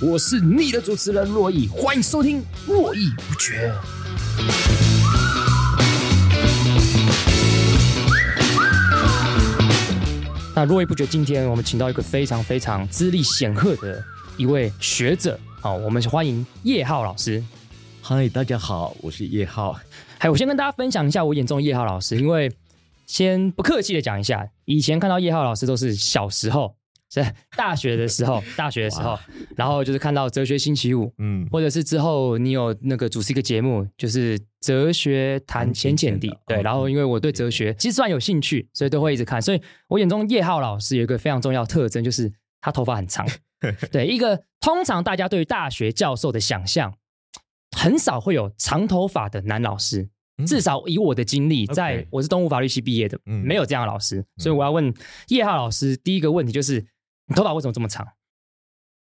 我是你的主持人珞亦，歡迎收聽《絡繹不絕》。那絡繹不絕，今天我們請到一個非常非常資歷顯赫的一位學者，好，我們歡迎葉浩老師。嗨，大家好，我是葉浩。哎，我先跟大家分享一下我眼中的葉浩老師，因為先不客氣的講一下，以前看到葉浩老師都是小時候。在 大學的時候，大學的時候，哇然後就是看到《哲學星期五》，嗯，或者是之後你有那個主持一個節目，就是《哲學談淺淺地》的，對。然後因為我對哲學、的其實算有興趣，所以都會一直看。所以我眼中葉浩老師有一個非常重要特徵，就是他頭髮很長。 對，一個通常大家對於大學教授的想象，很少會有長頭髮的男老師，至少以我的經歷，嗯、在我是東吳法律系畢業的，嗯、沒有這樣的老師。所以我要問葉浩老師第一個問題，就是。你頭髮為什麼這麼長？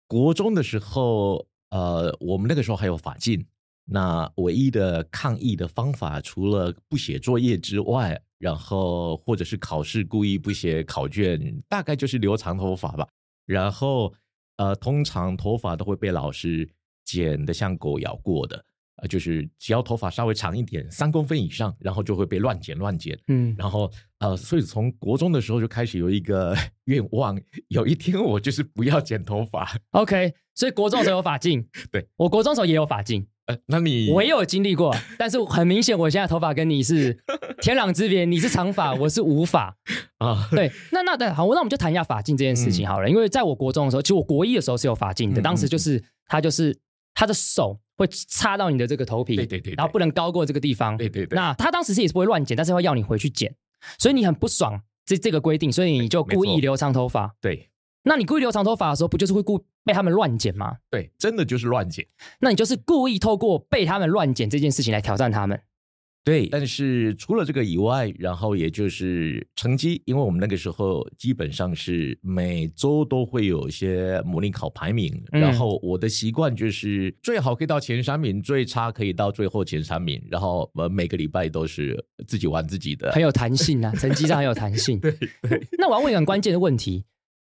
國中的時候，呃，我們那個時候還有髮禁，那唯一的抗議的方法，除了不寫作業之外，然後或者是考試故意不寫考卷，大概就是留長頭髮吧。然後，呃，通常頭髮都會被老師剪得像狗咬過的，呃，就是只要頭髮稍微長一點，三公分以上，然後就會被亂剪亂剪。嗯，然後。呃，所以從國中的時候就開始有一個願望，有一天我就是不要剪頭髮。OK，所以國中的時候有髮禁。對，我國中的時候也有髮禁。呃，那你我也有經歷過，但是很明顯，我現在頭髮跟你是天壤之別。你是長髮，我是無髮啊。對，那那對，好，那我們就談一下髮禁這件事情好了。因為在我國中的時候，其實我國一的時候是有髮禁的。當時就是他就是他的手會插到你的這個頭皮，對對對，然後不能高過這個地方，對對對。那他當時是也是不會亂剪，但是會要你回去剪。所以你很不爽這這個規定，所以你就故意留長頭髮。對，那你故意留長頭髮的時候，不就是會故被他們亂剪嗎？對，真的就是亂剪。那你就是故意透過被他們亂剪這件事情來挑戰他們。對，但是除了這個以外，然後也就是成績，因為我們那個時候基本上是每周都會有一些模擬考排名，嗯、然後我的習慣就是最好可以到前三名，最差可以到最後前三名，然後我每個禮拜都是自己玩自己的，很有彈性啊，成績上很有彈性。 對，對。那我要問一個很關鍵的問題，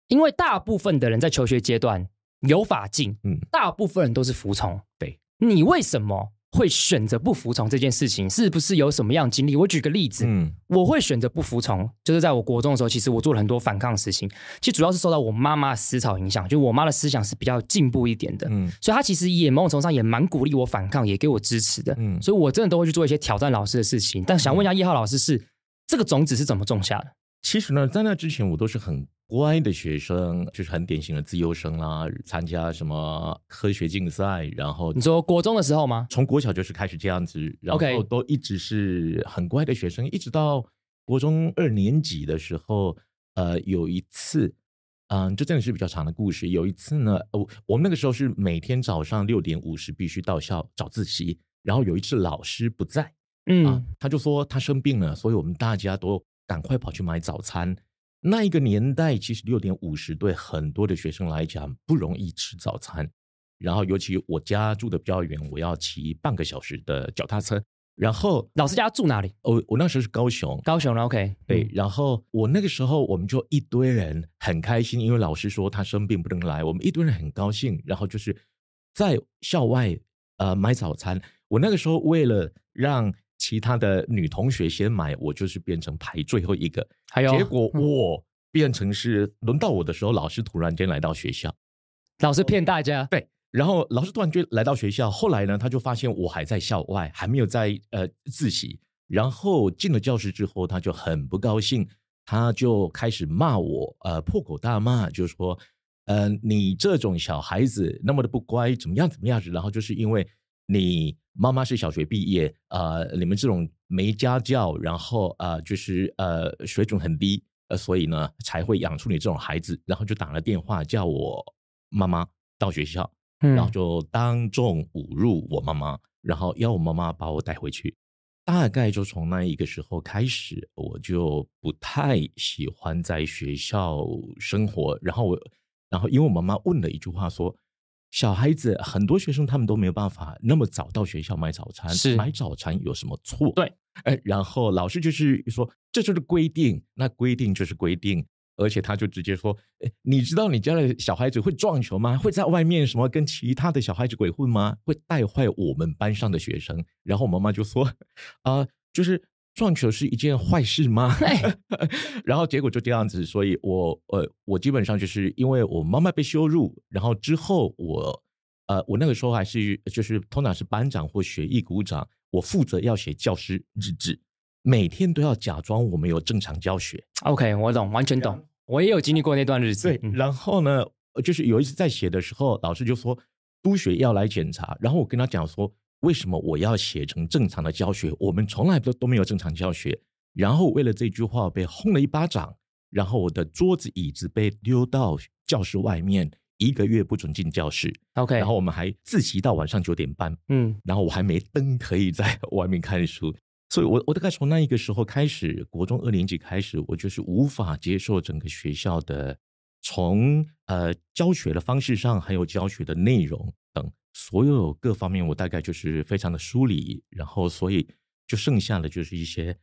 因為大部分的人在求學階段有髮禁，嗯，大部分人都是服從，對，你為什麼？會選擇不服從這件事情，是不是有什麼樣的經歷？我舉個例子，嗯，我會選擇不服從，就是在我國中的時候，其實我做了很多反抗的事情，其實主要是受到我媽媽的思潮影響，就我媽的思想是比較進步一點的，嗯，所以她其實也某種程度上也蠻鼓勵我反抗，也給我支持的，嗯，所以我真的都會去做一些挑戰老師的事情。但想問一下葉浩老師是，是、嗯、這個種子是怎麼種下的？其實呢，在那之前我都是很乖的學生，就是很典型的資優生啦，參加什麼科學競賽，然後你說國中的時候嗎？從國小就是開始這樣子，然後都一直是很乖的學生，Okay. 一直到國中二年級的時候，呃，有一次，嗯、呃，這真的是比較長的故事。有一次呢，我我們那個時候是每天早上六點五十必須到校早自習，然後有一次老師不在，嗯、啊，他就說他生病了，所以我們大家都。趕快跑去買早餐。那一個年代，其實六點五十對很多的學生來講不容易吃早餐。然後，尤其我家住的比較遠，我要騎半個小時的腳踏車。然後，老師家住哪裡？我我那時候是高雄，高雄了 OK。對，然後我那個時候我們就一堆人很開心，嗯，因為老師說他生病不能來，我們一堆人很高興。然後就是在校外呃買早餐。我那個時候為了讓。其他的女同學先買，我就是變成排最後一個，還有、哎、呦結果我變成是輪到我的時候，嗯、老師突然間來到學校，老師騙大家，對，然後老師突然間來到學校，後來呢，他就發現我還在校外，還沒有在呃自習，然後進了教室之後，他就很不高興，他就開始罵我，呃破口大罵，就說，呃你這種小孩子那麼的不乖，怎麼樣怎麼樣子，然後就是因為你。媽媽是小學畢業，呃，你們這種沒家教，然後呃，就是呃，水準很低，呃，所以呢，才會養出你這種孩子。然後就打了電話叫我媽媽到學校，然後就當眾侮辱我媽媽，然後要我媽媽把我帶回去。大概就從那一個時候開始，我就不太喜歡在學校生活。然後我，然後因為我媽媽問了一句話說。小孩子很多學生他們都沒有辦法那麼早到學校買早餐，是買早餐有什麼錯？對，哎、呃，然後老師就是說這就是規定，那規定就是規定，而且他就直接說，哎，你知道你家的小孩子會撞球嗎？會在外面什麼跟其他的小孩子鬼混嗎？會帶壞我們班上的學生。然後我媽媽就說，啊、呃，就是。撞球是一件壞事嗎？ 然後結果就這樣子，所以我呃，我基本上就是因為我媽媽被羞辱，然後之後我呃，我那個時候還是就是通常是班長或學藝股長，我負責要寫教師日誌，每天都要假裝我們有正常教學。OK，我懂，完全懂，Yeah. 我也有經歷過那段日子。對，嗯、然後呢，就是有一次在寫的時候，老師就說督學要來檢查，然後我跟他講說。為什麼我要寫成正常的教學？我們從來都都沒有正常教學。然後為了這句話被轟了一巴掌，然後我的桌子椅子被丟到教室外面，一個月不准進教室。OK，然後我們還自習到晚上九點半。嗯，然後我還沒燈可以在外面看書。所以我，我我大概從那一個時候開始，國中二年級開始，我就是無法接受整個學校的從呃教學的方式上，還有教學的內容等，所有各方面，我大概就是非常的疏離，然後所以就剩下的就是一些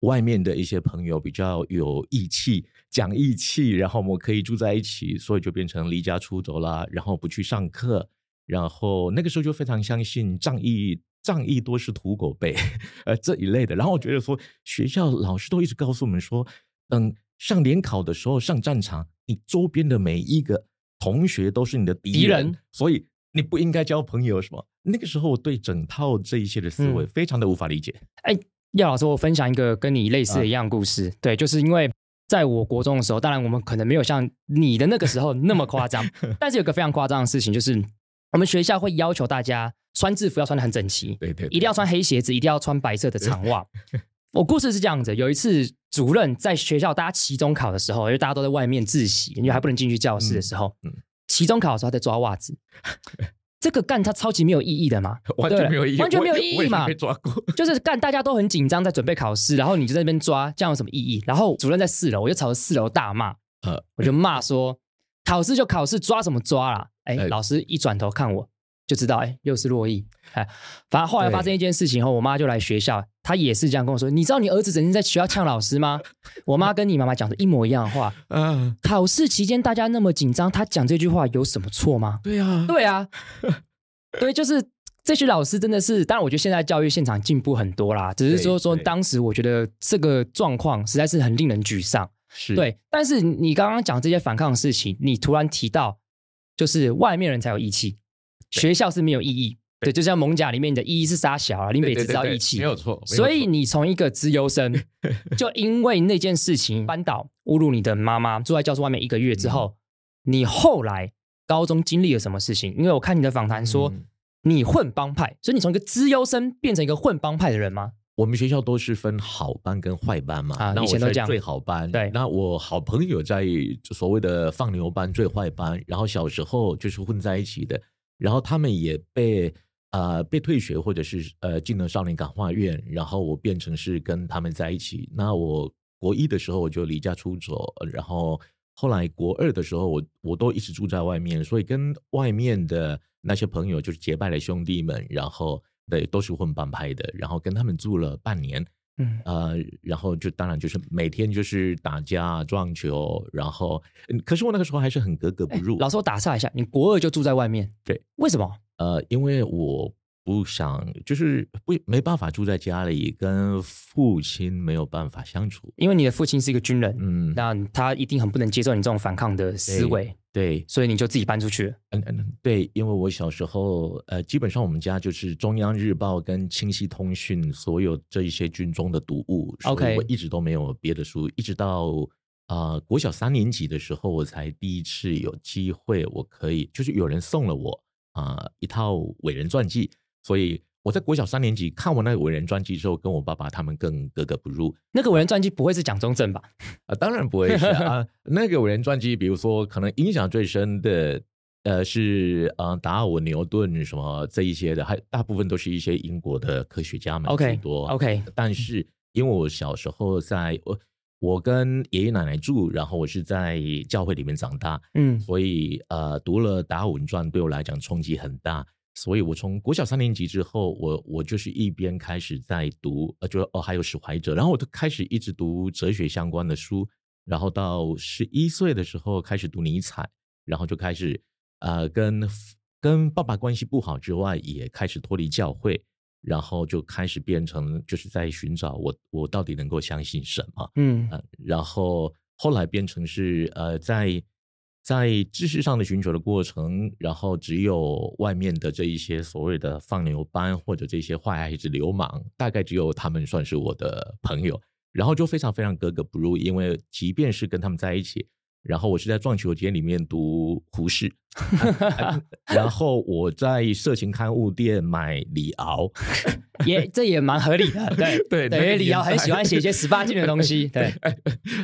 外面的一些朋友比較有義氣、講義氣，然後我們可以住在一起，所以就變成離家出走啦，然後不去上課，然後那個時候就非常相信仗義，仗義多是屠狗輩，呃這一類的。然後我覺得說，學校老師都一直告訴我們說，等、嗯、上聯考的時候上戰場，你周邊的每一個同學都是你的敵人，敵人所以。你不應該交朋友，是嗎？那個時候我對整套這一切的思維非常的無法理解。嗯、哎，葉老師，我分享一個跟你類似的一樣故事。啊、對，就是因為在我國中的時候，當然我們可能沒有像你的那個時候那麼誇張， 但是有個非常誇張的事情，就是我們學校會要求大家穿制服要穿得很整齊，對，對對，一定要穿黑鞋子，一定要穿白色的長襪。對對對，我故事是這樣子，有一次主任在學校大家期中考的時候，因為大家都在外面自習，因為還不能進去教室的時候，嗯。嗯期中考的時候還在抓襪子，這個幹他超級沒有意義的嘛， 完全沒有意義，對對完全沒有意義嘛。抓過，就是幹大家都很緊張在準備考試，然後你就在那邊抓，這樣有什麼意義？然後主任在四樓，我就朝着四樓大罵，啊、我就罵說、嗯、考試就考試，抓什麼抓啦？哎、欸，老師一轉頭看我。就知道哎，又是珞亦哎。反正後來發生一件事情以後，我媽就來學校，對她也是這樣跟我說：“你知道你兒子整天在學校嗆老師嗎？” 我媽跟你媽媽講的一模一樣的話。嗯，uh, 考試期間大家那麼緊張，他講這句話有什麼錯嗎？對啊，對啊， 對，就是這些老師真的是。當然，我覺得現在教育現場進步很多啦，只是說說當時我覺得這個狀況實在是很令人沮喪。對是，對。但是你剛剛講這些反抗的事情，你突然提到就是外面人才有義氣。學校是沒有意義，對，對，對，就像《艋舺》裡面的“意義是殺小啊，對對對對，林北知道義氣，沒有錯。所以你從一個資優生， 就因為那件事情班導、侮辱你的媽媽，坐在教室外面一個月之後，嗯、你後來高中經歷了什麼事情？因為我看你的訪談說、嗯、你混幫派，所以你從一個資優生變成一個混幫派的人嗎？我們學校都是分好班跟壞班嘛，嗯啊、班以前都這樣最好班，對。那我好朋友在所謂的放牛班最壞班，然後小時候就是混在一起的。然後他們也被呃、被退學，或者是呃進了少年感化院。然後我變成是跟他們在一起。那我國一的時候，我就離家出走，然後後來國二的時候，我我都一直住在外面，所以跟外面的那些朋友就是結拜的兄弟們，然後對，都是混幫派的，然後跟他們住了半年。嗯，呃，然後就當然就是每天就是打架撞球，然後，可是我那個時候還是很格格不入。欸，老師，我打岔一下，你國二就住在外面？對，為什麼？呃，因為我。不想就是不沒辦法住在家裡，跟父親沒有辦法相處。因為你的父親是一個軍人，嗯，那他一定很不能接受你這種反抗的思維，對，對，所以你就自己搬出去，嗯嗯，對，因為我小時候，呃，基本上我們家就是《中央日報》跟《清晰通訊》所有這一些軍中的讀物，OK，我一直都沒有別的書。Okay. 一直到啊、呃、國小三年級的時候，我才第一次有機會，我可以就是有人送了我啊、呃、一套偉人傳記。所以我在國小三年級看完那個偉人傳記之後，跟我爸爸他們更格格不入。那個偉人傳記不會是蔣中正吧？啊、 呃，當然不會是啊。 那個偉人傳記，比如說可能印象最深的是，呃，是呃達爾文、牛頓什麼這一些的，還大部分都是一些英國的科學家們最多。OK, okay. 但是因為我小時候在我我跟爺爺奶奶住，然後我是在教會裡面長大，嗯，所以呃，讀了達爾文傳對我來講衝擊很大。所以，我從國小三年級之後，我我就是一邊開始在讀，呃，就哦，還有史懷哲，然後我就開始一直讀哲學相關的書，然後到十一歲的時候開始讀尼采，然後就開始，呃，跟跟爸爸關係不好之外，也開始脫離教會，然後就開始變成就是在尋找我我到底能夠相信什麼，嗯、呃，然後後來變成是呃在。在知識上的尋求的過程，然後只有外面的這一些所謂的放牛班或者這些壞孩子流氓，大概只有他們算是我的朋友，然後就非常非常格格不入，因為即便是跟他們在一起。然後我是在撞球街裡面讀胡適、 啊呃，然後我在色情刊物店買李敖， 也這也蠻合理的，對 對，對，因為李敖很喜歡寫一些十八禁的東西， 對、哎。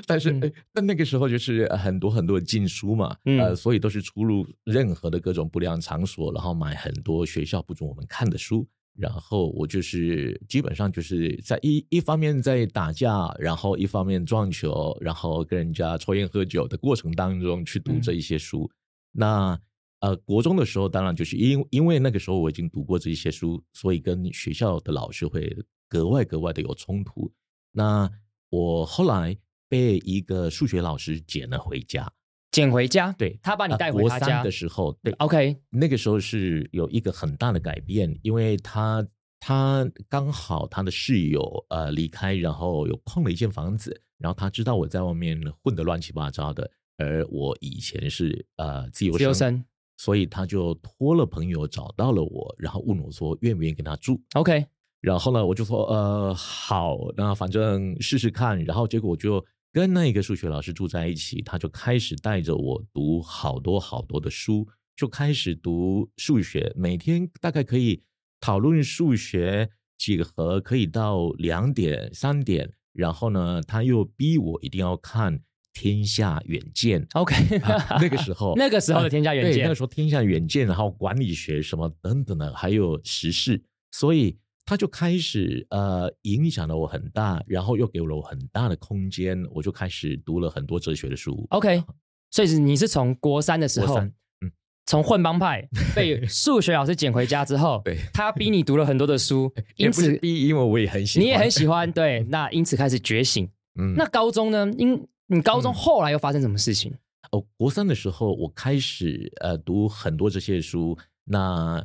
但是、哎、那那個時候就是很多很多禁書嘛，嗯、呃，所以都是出入任何的各種不良場所，然後買很多學校不准我們看的書。然後我就是基本上就是在一一方面在打架，然後一方面撞球，然後跟人家抽菸喝酒的過程當中去讀這一些書。嗯、那呃，國中的時候，當然就是因為因為那個時候我已經讀過這一些書，所以跟學校的老師會格外格外的有衝突。那我後來被一個數學老師撿了回家。撿回家，對，他把你帶回他家，啊、的時候，對，OK，那個時候是有一個很大的改變，因為他他剛好他的室友呃離開，然後有空了一間房子，然後他知道我在外面混得亂七八糟的，而我以前是呃自由自由生，所以他就托了朋友找到了我，然後問我說願不願意跟他住，OK，然後呢，我就說呃好，那反正試試看，然後結果我就。跟那一個數學老師住在一起，他就開始帶着我讀好多好多的書，就開始讀數學，每天大概可以討論數學幾何，可以到兩點三點。然後呢，他又逼我一定要看《天下遠見》。OK，那個時候，那個時候的《天下遠見》，那個時候 《天下遠見》，然後管理學什麼等等的，還有時事，所以。他就開始呃影響了我很大，然後又給了我,我很大的空間，我就開始讀了很多哲學的書。OK，後所以是你是從國三的時候，嗯、從混幫派被數學老師撿回家之後， 對他逼你讀了很多的書，也不是逼，因為我也很喜歡，你也很喜歡，對。那因此開始覺醒。嗯、那高中呢？因你高中後來又發生什麼事情？哦、嗯呃，國三的時候，我開始呃讀很多這些書，那。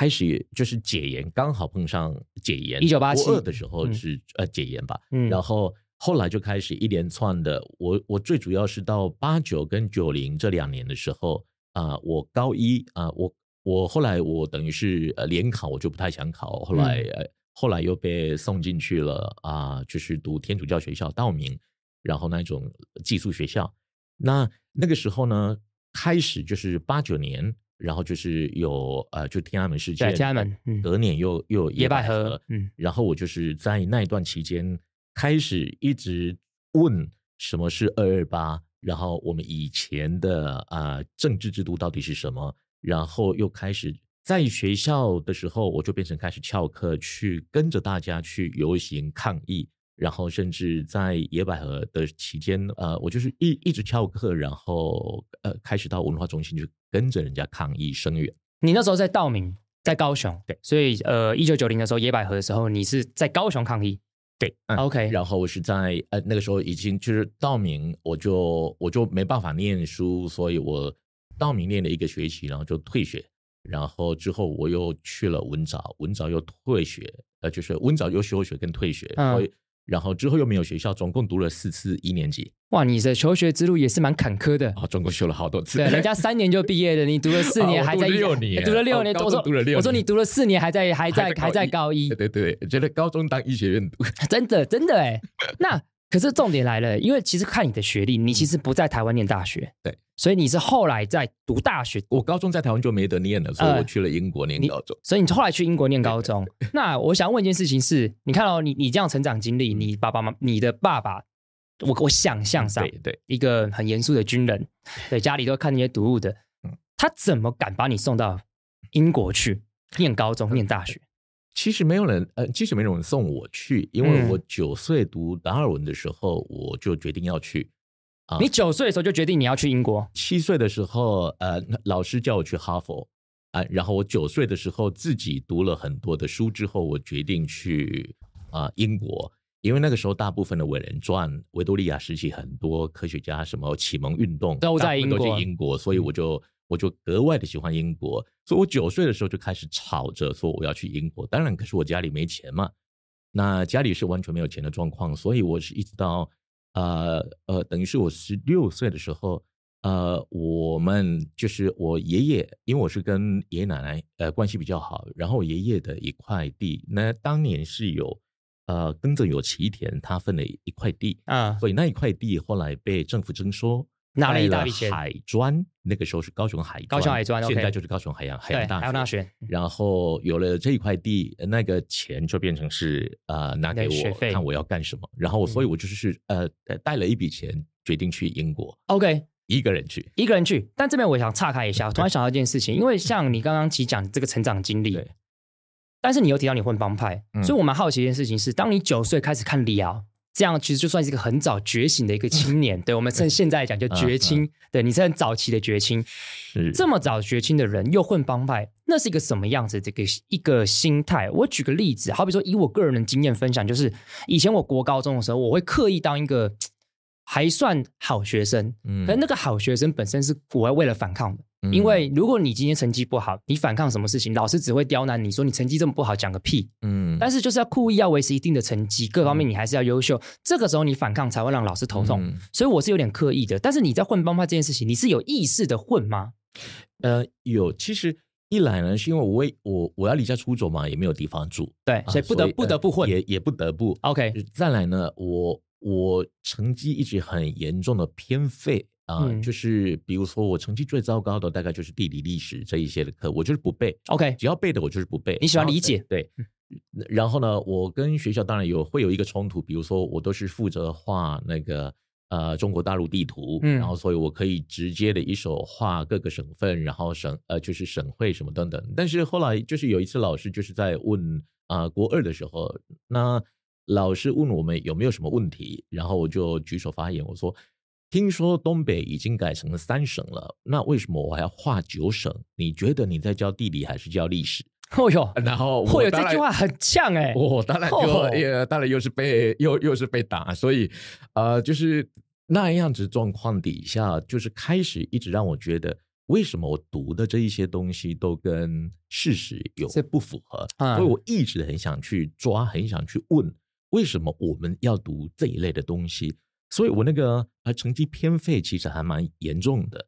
開始就是解嚴，剛好碰上解嚴。一九八七的時候是呃解嚴吧，嗯嗯、然後後來就開始一連串的。我我最主要是到八九跟九零這兩年的時候啊、呃，我高一啊、呃，我我後來我等於是呃聯考我就不太想考，後來、呃、後來又被送進去了啊、呃，就是讀天主教學校道明，然後那種寄宿學校。那那個時候呢，開始就是八九年。然後就是有呃，就天安門事件，天安門，嗯、隔年又又有野百合。野百合嗯，然後我就是在那一段期間開始一直問什麼是二二八，然後我們以前的啊、呃、政治制度到底是什麼？然後又開始在學校的時候，我就變成開始翹課去跟着大家去遊行抗議，然後甚至在野百合的期間，呃，我就是一一直翹課，然後呃，開始到文化中心去。跟着人家抗議聲援。你那時候在道明？在高雄？對，所以呃，一九九零的時候，野百合的時候，你是在高雄抗議？對，嗯，OK，然後我是在呃那個時候已經就是道明，我就我就沒辦法念書，所以我道明念了一個學期，然後就退學，然後之後我又去了文藻，文藻又退學，呃，就是文藻又休學跟退學，嗯。然後然後之後又沒有學校，總共讀了四次一年級。哇，你的求學之路也是蠻坎坷的啊！總共、哦、修了好多次， 對，人家三年就畢業了，你讀了四年、哦、還在六年，讀了六年。哦、讀了六年我說，我說你讀了四年還在還在還在，還在高一。對對對，覺得高中當醫學院讀， 真的真的哎、欸，那。 可是重點來了，因為其實看你的學歷，你其實不在台灣念大學。對，所以你是後來在讀大學。我高中在台灣就沒得念了，所以我去了英國念高中。呃、所以你後來去英國念高中。對對對，那我想問一件事情是，你看到、哦、你，你這樣成長經歷，你爸爸媽你的爸爸，我我想象上對、對一個很嚴肅的軍人，對、對、對家裡都看那些讀物的，嗯、他怎麼敢把你送到英國去 念高中念大學？其實沒有人，呃，其實沒有人送我去，因為我九歲讀達爾文的時候，我就決定要去。呃、你九歲的時候就決定你要去英國？七歲的時候，呃，老師叫我去哈佛啊、呃，然後我九歲的時候自己讀了很多的書之後，我決定去啊、呃、英國，因為那個時候大部分的偉人傳，維多利亞時期很多科學家，什麼啟蒙運動都在英國，英國，所以我就，嗯我就格外的喜歡英國，所以我九歲的時候就開始吵着說我要去英國。當然，可是我家裡沒錢嘛，那家裡是完全沒有錢的狀況，所以我是一直到呃呃，等於是我十六歲的時候，呃，我們就是我爺爺，因為我是跟爺爺奶奶呃關係比較好，然後爺爺的一塊地，那當年是有呃耕者有其田，他分了一塊地啊，所以那一塊地後來被政府徵收。拿了一大筆錢，海專，那個時候是高雄海，高雄海專，現在就是高雄海洋海洋大學。大學然後有了這一塊地，那個錢就變成是呃拿給我，看我要幹什麼。然後我，所以我就是、嗯、呃帶了一筆錢，決定去英國，OK，一個人去，一個人去。但這邊我想岔開一下，突然對想到一件事情，因為像你剛剛只講這個成長經歷，對但是你又提到你混幫派，嗯、所以我蠻好奇的一件事情是，當你九歲開始看李敖。這樣其實就算是一個很早覺醒的一個青年， 對，我們趁現在來講就覺青。 啊啊、對，你趁早期的覺青，是這麼早覺青的人又混幫派，那是一個什麼樣子？這個一個心態？我舉個例子，好比說以我個人的經驗分享，就是以前我國高中的時候，我會刻意當一個還算好學生，嗯，可是那個好學生本身是我為了反抗的。因為如果你今天成績不好，嗯、你反抗什麼事情，老師只會刁難你，說你成績這麼不好，講個屁。嗯。但是就是要故意要維持一定的成績，各方面你還是要優秀。嗯、這個時候你反抗才會讓老師頭痛。嗯、所以我是有點刻意的。但是你在混幫派這件事情，你是有意識的混嗎？呃，有。其實一來呢，是因為我我我要離家出走嘛，也沒有地方住，對，啊、所以不得不得不混，呃、也也不得不。OK。再來呢，我我成績一直很嚴重的偏廢。啊、呃，就是比如說我成績最糟糕的大概就是地理、歷史這一些的課，我就是不背。OK，只要背的我就是不背。你喜歡理解，對，對，然後呢，我跟學校當然有會有一個衝突，比如說我都是負責畫那個呃中國大陸地圖，然後所以我可以直接的一手畫各個省份，然後省呃就是省會什麼等等。但是後來就是有一次老師就是在問啊、呃，國二的時候，那老師問我們有沒有什麼問題，然後我就舉手發言，我說。聽說東北已經改成了三省了，那為什麼我還要畫九省？你覺得你在教地理還是教歷史？哦喲呦，然後然哦喲，這句話很像哎、欸，我、哦、當然又又、哦、當然又是被又又是被打，所以呃，就是那樣子狀況底下，就是開始一直讓我覺得，為什麼我讀的這一些東西都跟事實有些不符合？啊、嗯，所以我一直很想去抓，很想去問，為什麼我們要讀這一類的東西？所以，我那個呃成績偏廢，其實還蠻嚴重的。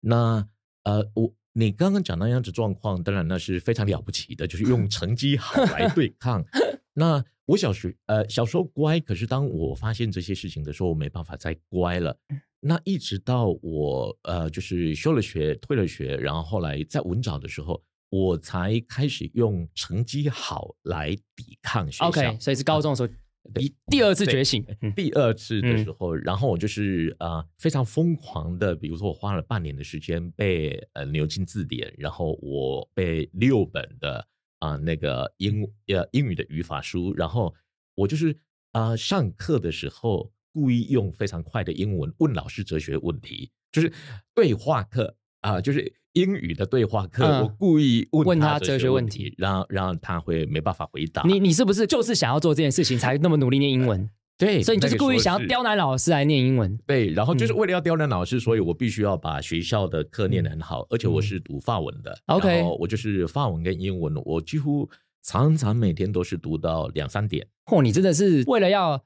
那呃，我你剛剛講的那樣子狀況，當然那是非常了不起的，就是用成績好來對抗。 那我小學呃小時候乖，可是當我發現這些事情的時候，我沒辦法再乖了。那一直到我呃就是休了學、退了學，然後後來在文藻的時候，我才開始用成績好來抵抗學校。OK，所以是高中的時候。呃第對第二次覺醒，第二次的時候，然後我就是啊、呃、非常瘋狂的，比如說我花了半年的時間背呃牛津字典，然後我背六本的啊、呃、那個英呃英語的語法書，然後我就是啊、呃、上課的時候故意用非常快的英文問老師哲學問題，就是對話課。啊、呃，就是英語的對話課，我故意問他哲學問題，讓讓他會沒辦法回答。你你是不是就是想要做這件事情才那麼努力念英文？呃、對，所以你就是故意想要刁難老師來念英文。對，然後就是為了要刁難老師，所以我必須要把學校的課念得很好，而且我是讀法文的。OK，嗯，我就是法文跟英文，我幾乎。常常每天都是讀到兩三點，嚯、哦！你真的是為了要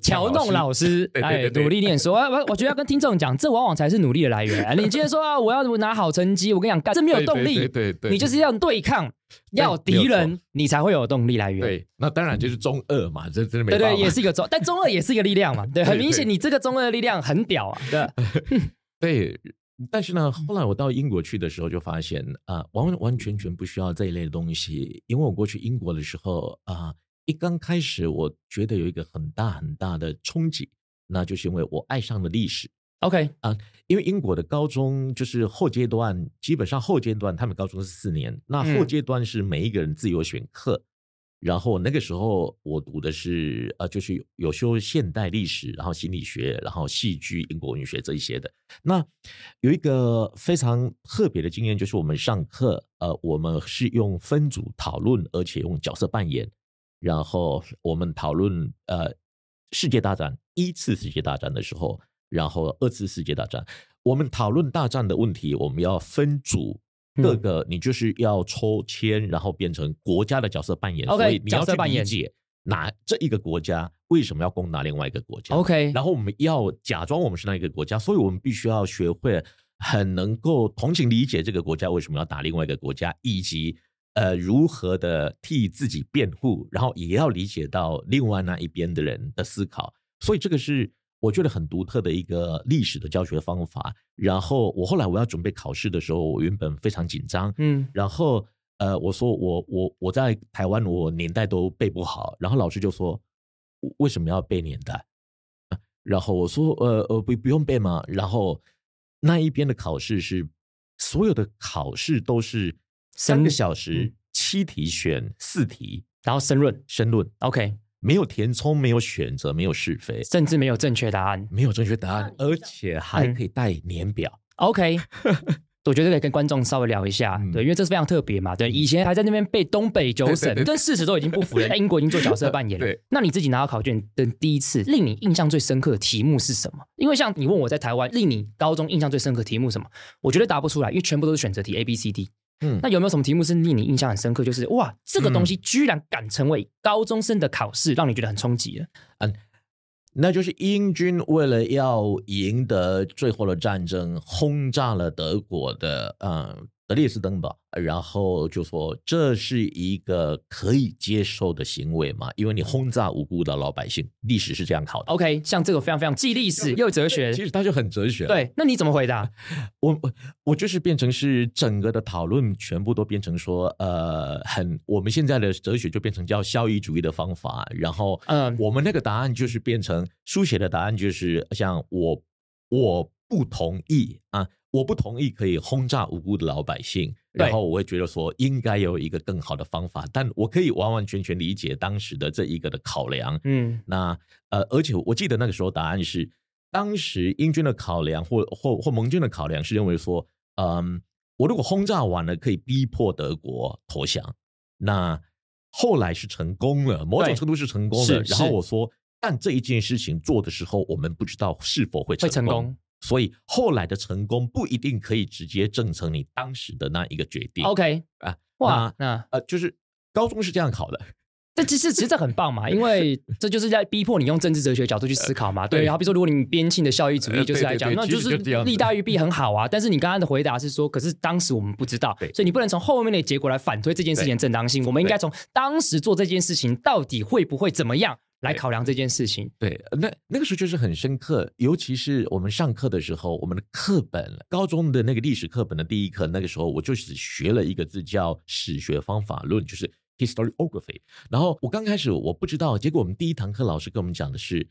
喬弄老師，哎，努力念書、啊。我我覺得要跟聽眾講，這往往才是努力的來源、啊。你今天說、啊、我要拿好成績，我跟你講，這沒有動力。對對、對、對、對對，你就是要對抗要敵人，你才會有動力來源。對，那當然就是中二嘛，嗯、這真的沒錯對對，也是一個中，但中二也是一個力量嘛。對，很明顯，你這個中二力量很屌啊，對。對、對。嗯對但是呢，後來我到英國去的時候，就發現啊，完、呃、完全全不需要這一類的東西。因為我過去英國的時候啊、呃，一剛開始我覺得有一個很大很大的衝擊，那就是因為我愛上了歷史。OK 啊、呃，因為英國的高中就是後階段，基本上後階段他們高中是四年，那後階段是每一個人自由選課。嗯然後那個時候我讀的是呃，就是有有修現代歷史，然後心理學，然後戲劇、英國文學這一些的。那有一個非常特別的經驗，就是我們上課，呃，我們是用分組討論，而且用角色扮演。然後我們討論呃，世界大戰，一次世界大戰的時候，然後二次世界大戰，我們討論大戰的問題，我們要分組。各個你就是要抽籤，然後變成國家的角色扮演，所以你要去理解哪這一個國家為什麼要攻打另外一個國家。OK，然後我們要假裝我們是那一個國家，所以我們必須要學會很能夠同情理解這個國家為什麼要打另外一個國家，以及呃如何的替自己辯護，然後也要理解到另外那一邊的人的思考。所以這個是。我覺得很獨特的一個歷史的教學方法。然後我後來我要準備考試的時候，我原本非常緊張，嗯，然後呃，我說我我我在台灣我年代都背不好，然後老師就說為什麼要背年代？然後我說呃呃不不用背嗎？然後那一邊的考試是所有的考試都是三個小時，嗯，七題選四題，然後申論，申論 OK。沒有填充，沒有選擇，沒有是非，甚至沒有正確答案，沒有正確答案，而且還可以帶年表。嗯、OK， 我覺得可以跟觀眾稍微聊一下，嗯、對，因為這是非常特別嘛。對，以前還在那邊背東北九省，對對對，跟事實都已經不符了， 在英國已經做角色扮演了 對那你自己拿到考卷的第一次，令你印象最深刻的題目是什麼？因為像你問我在台灣，令你高中印象最深刻的題目是什麼？我覺得答不出來，因為全部都是選擇題 A、B、C、D。嗯，那有沒有什麼題目是令你印象很深刻？就是哇，這個東西居然敢成為高中生的考試，嗯、讓你覺得很衝擊了。嗯，那就是英軍為了要贏得最後的戰爭，轟炸了德國的嗯。德勒斯登堡，然後就說，這是一個可以接受的行為嘛？因為你轟炸無辜的老百姓，歷史是這樣考的。OK，像這個非常非常既歷史又哲學，其實它就很哲學。對，那你怎麼回答？我我我就是變成是整個的討論全部都變成說，呃，很我們現在的哲學就變成叫效益主義的方法，然後嗯，我們那個答案就是變成書寫的答案就是像我我不同意啊。我不同意可以轟炸無辜的老百姓，對然後我會覺得說應該有一個更好的方法，但我可以完完全全理解當時的這一個的考量。嗯，那呃，而且我記得那個時候答案是，當時英軍的考量或，或或或盟軍的考量是認為說，嗯，我如果轟炸完了，可以逼迫德國投降。那後來是成功了，某種程度是成功了。對然後我說，是但這一件事情做的時候，我們不知道是否會成會成功。所以後來的成功不一定可以直接證成你當時的那一個決定。OK 啊，哇，那呃，就是高中是這樣考的，這其實其實這很棒嘛，因為這就是在逼迫你用政治哲學角度去思考嘛。對，然後比如說，如果你邊沁的效益主義就是來講，那就是利大於弊很好啊。但是你剛剛的回答是說，可是當時我們不知道，所以你不能從後面的結果來反推這件事情的正當性。我們應該從當時做這件事情到底會不會怎麼樣。來考量這件事情。對，對，那那個時候就是很深刻，尤其是我們上課的時候，我們的課本，高中的那個歷史課本的第一課，那個時候我就只學了一個字，叫史學方法論，就是 historiography。然後我剛開始我不知道，結果我們第一堂課老師跟我們講的是，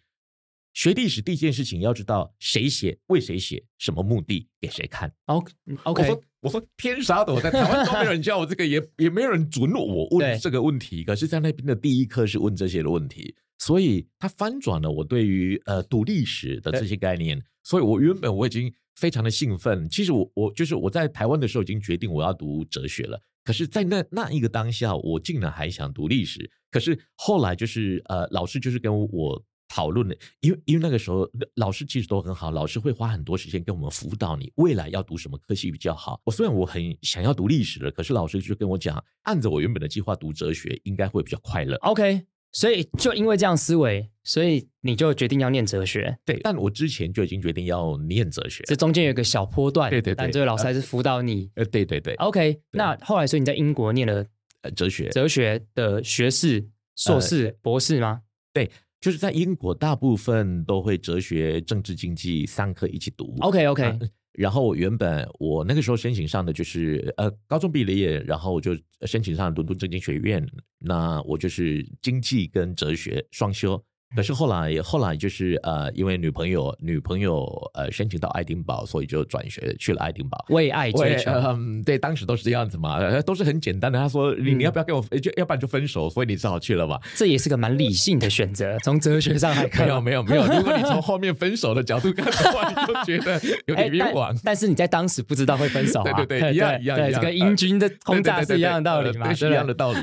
學歷史第一件事情要知道誰寫、為誰寫、什麼目的、給誰看。Oh, OK, OK 我說我說天殺的，我在台灣都沒人教我這個， 也也沒有人准我問這個問題。對可是，在那邊的第一課是問這些的問題。所以他翻轉了我對於呃讀歷史的這些概念，對所以我原本我已經非常的興奮。其實我我就是我在台灣的時候已經決定我要讀哲學了，可是，在那那一個當下，我竟然還想讀歷史。可是後來就是呃老師就是跟我，我討論了，因為因為那個時候老師其實都很好，老師會花很多時間跟我們輔導你未來要讀什麼科系比較好。我雖然我很想要讀歷史了，可是老師就跟我講，按照我原本的計劃讀哲學應該會比較快樂。OK。所以就因為這樣思維，所以你就決定要念哲學。對，但我之前就已經決定要念哲學，這中間有一個小波段。對對對。但這位老師還是輔導你。呃，對對對。OK，對那後來所以你在英國念了呃哲學、哲學的學士、碩士、呃、博士嗎？對，就是在英國大部分都會哲學、政治、經濟三科一起讀。OK OK、啊。然後我原本我那個時候申請上的就是呃高中畢了業,業，然後我就申請上的倫敦政經學院，那我就是經濟跟哲學雙修。可是後來，後來就是呃，因為女朋友女朋友呃申請到愛丁堡，所以就轉學去了愛丁堡。為愛追求，對，當時都是這樣子嘛，都是很簡單的。他說：“你你要不要跟我，要不然就分手。”所以你只好去了嘛。這也是個蠻理性的選擇，從哲學上來看，沒有沒有沒有，如果你從後面分手的角度看的話，你就覺得有點冤枉。但是你在當時不知道會分手啊。對對對，一樣一樣，這個英軍的轟炸是一樣的道理嘛，一樣的道理。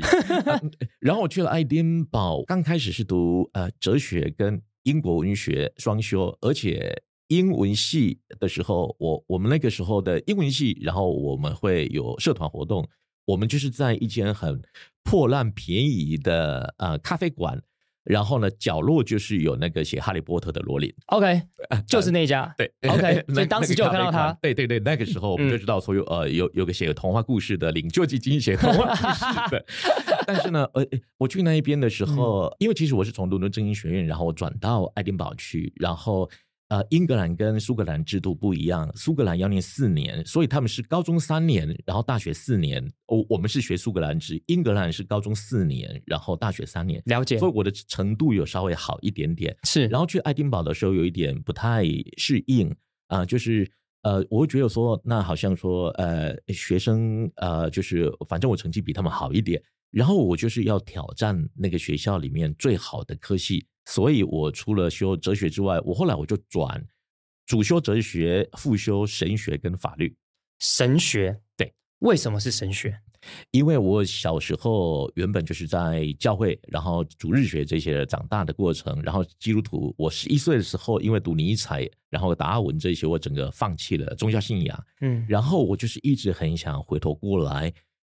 然後我去了愛丁堡，剛開始是讀呃哲學。學跟英國文學雙修，而且英文系的時候，我我們那個時候的英文系，然後我們會有社團活動，我們就是在一間很破爛便宜的呃咖啡館。然後呢，角落就是有那個寫《哈利波特》的羅琳，OK，、嗯、就是那家，對，OK，、欸、所以當時就有看到他，對對對，那個時候我們就知道，說有，嗯、呃，有有個寫有童話故事的，領袖級經寫童話故事對 但是呢，呃，我去那一邊的時候，嗯、因為其實我是從倫敦政經學院，然後轉到愛丁堡去，然後。呃，英格蘭跟蘇格蘭制度不一樣，蘇格蘭要念四年，所以他們是高中三年，然後大學四年。我我們是學蘇格蘭制，英格蘭是高中四年，然後大學三年。了解，所以我的程度有稍微好一點點。是，然後去愛丁堡的時候有一點不太適應啊、呃，就是呃，我會覺得說，那好像說呃，學生呃，就是反正我成績比他們好一點，然後我就是要挑戰那個學校裡面最好的科系。所以我除了修哲學之外，我後來我就轉主修哲學，副修神學跟法律。神學對，為什麼是神學？因為我小時候原本就是在教會，然後主日學這些長大的過程，然後基督徒。我十一歲的時候，因為讀尼采，然後達爾文這些，我整個放棄了宗教信仰。嗯，然後我就是一直很想回頭過來，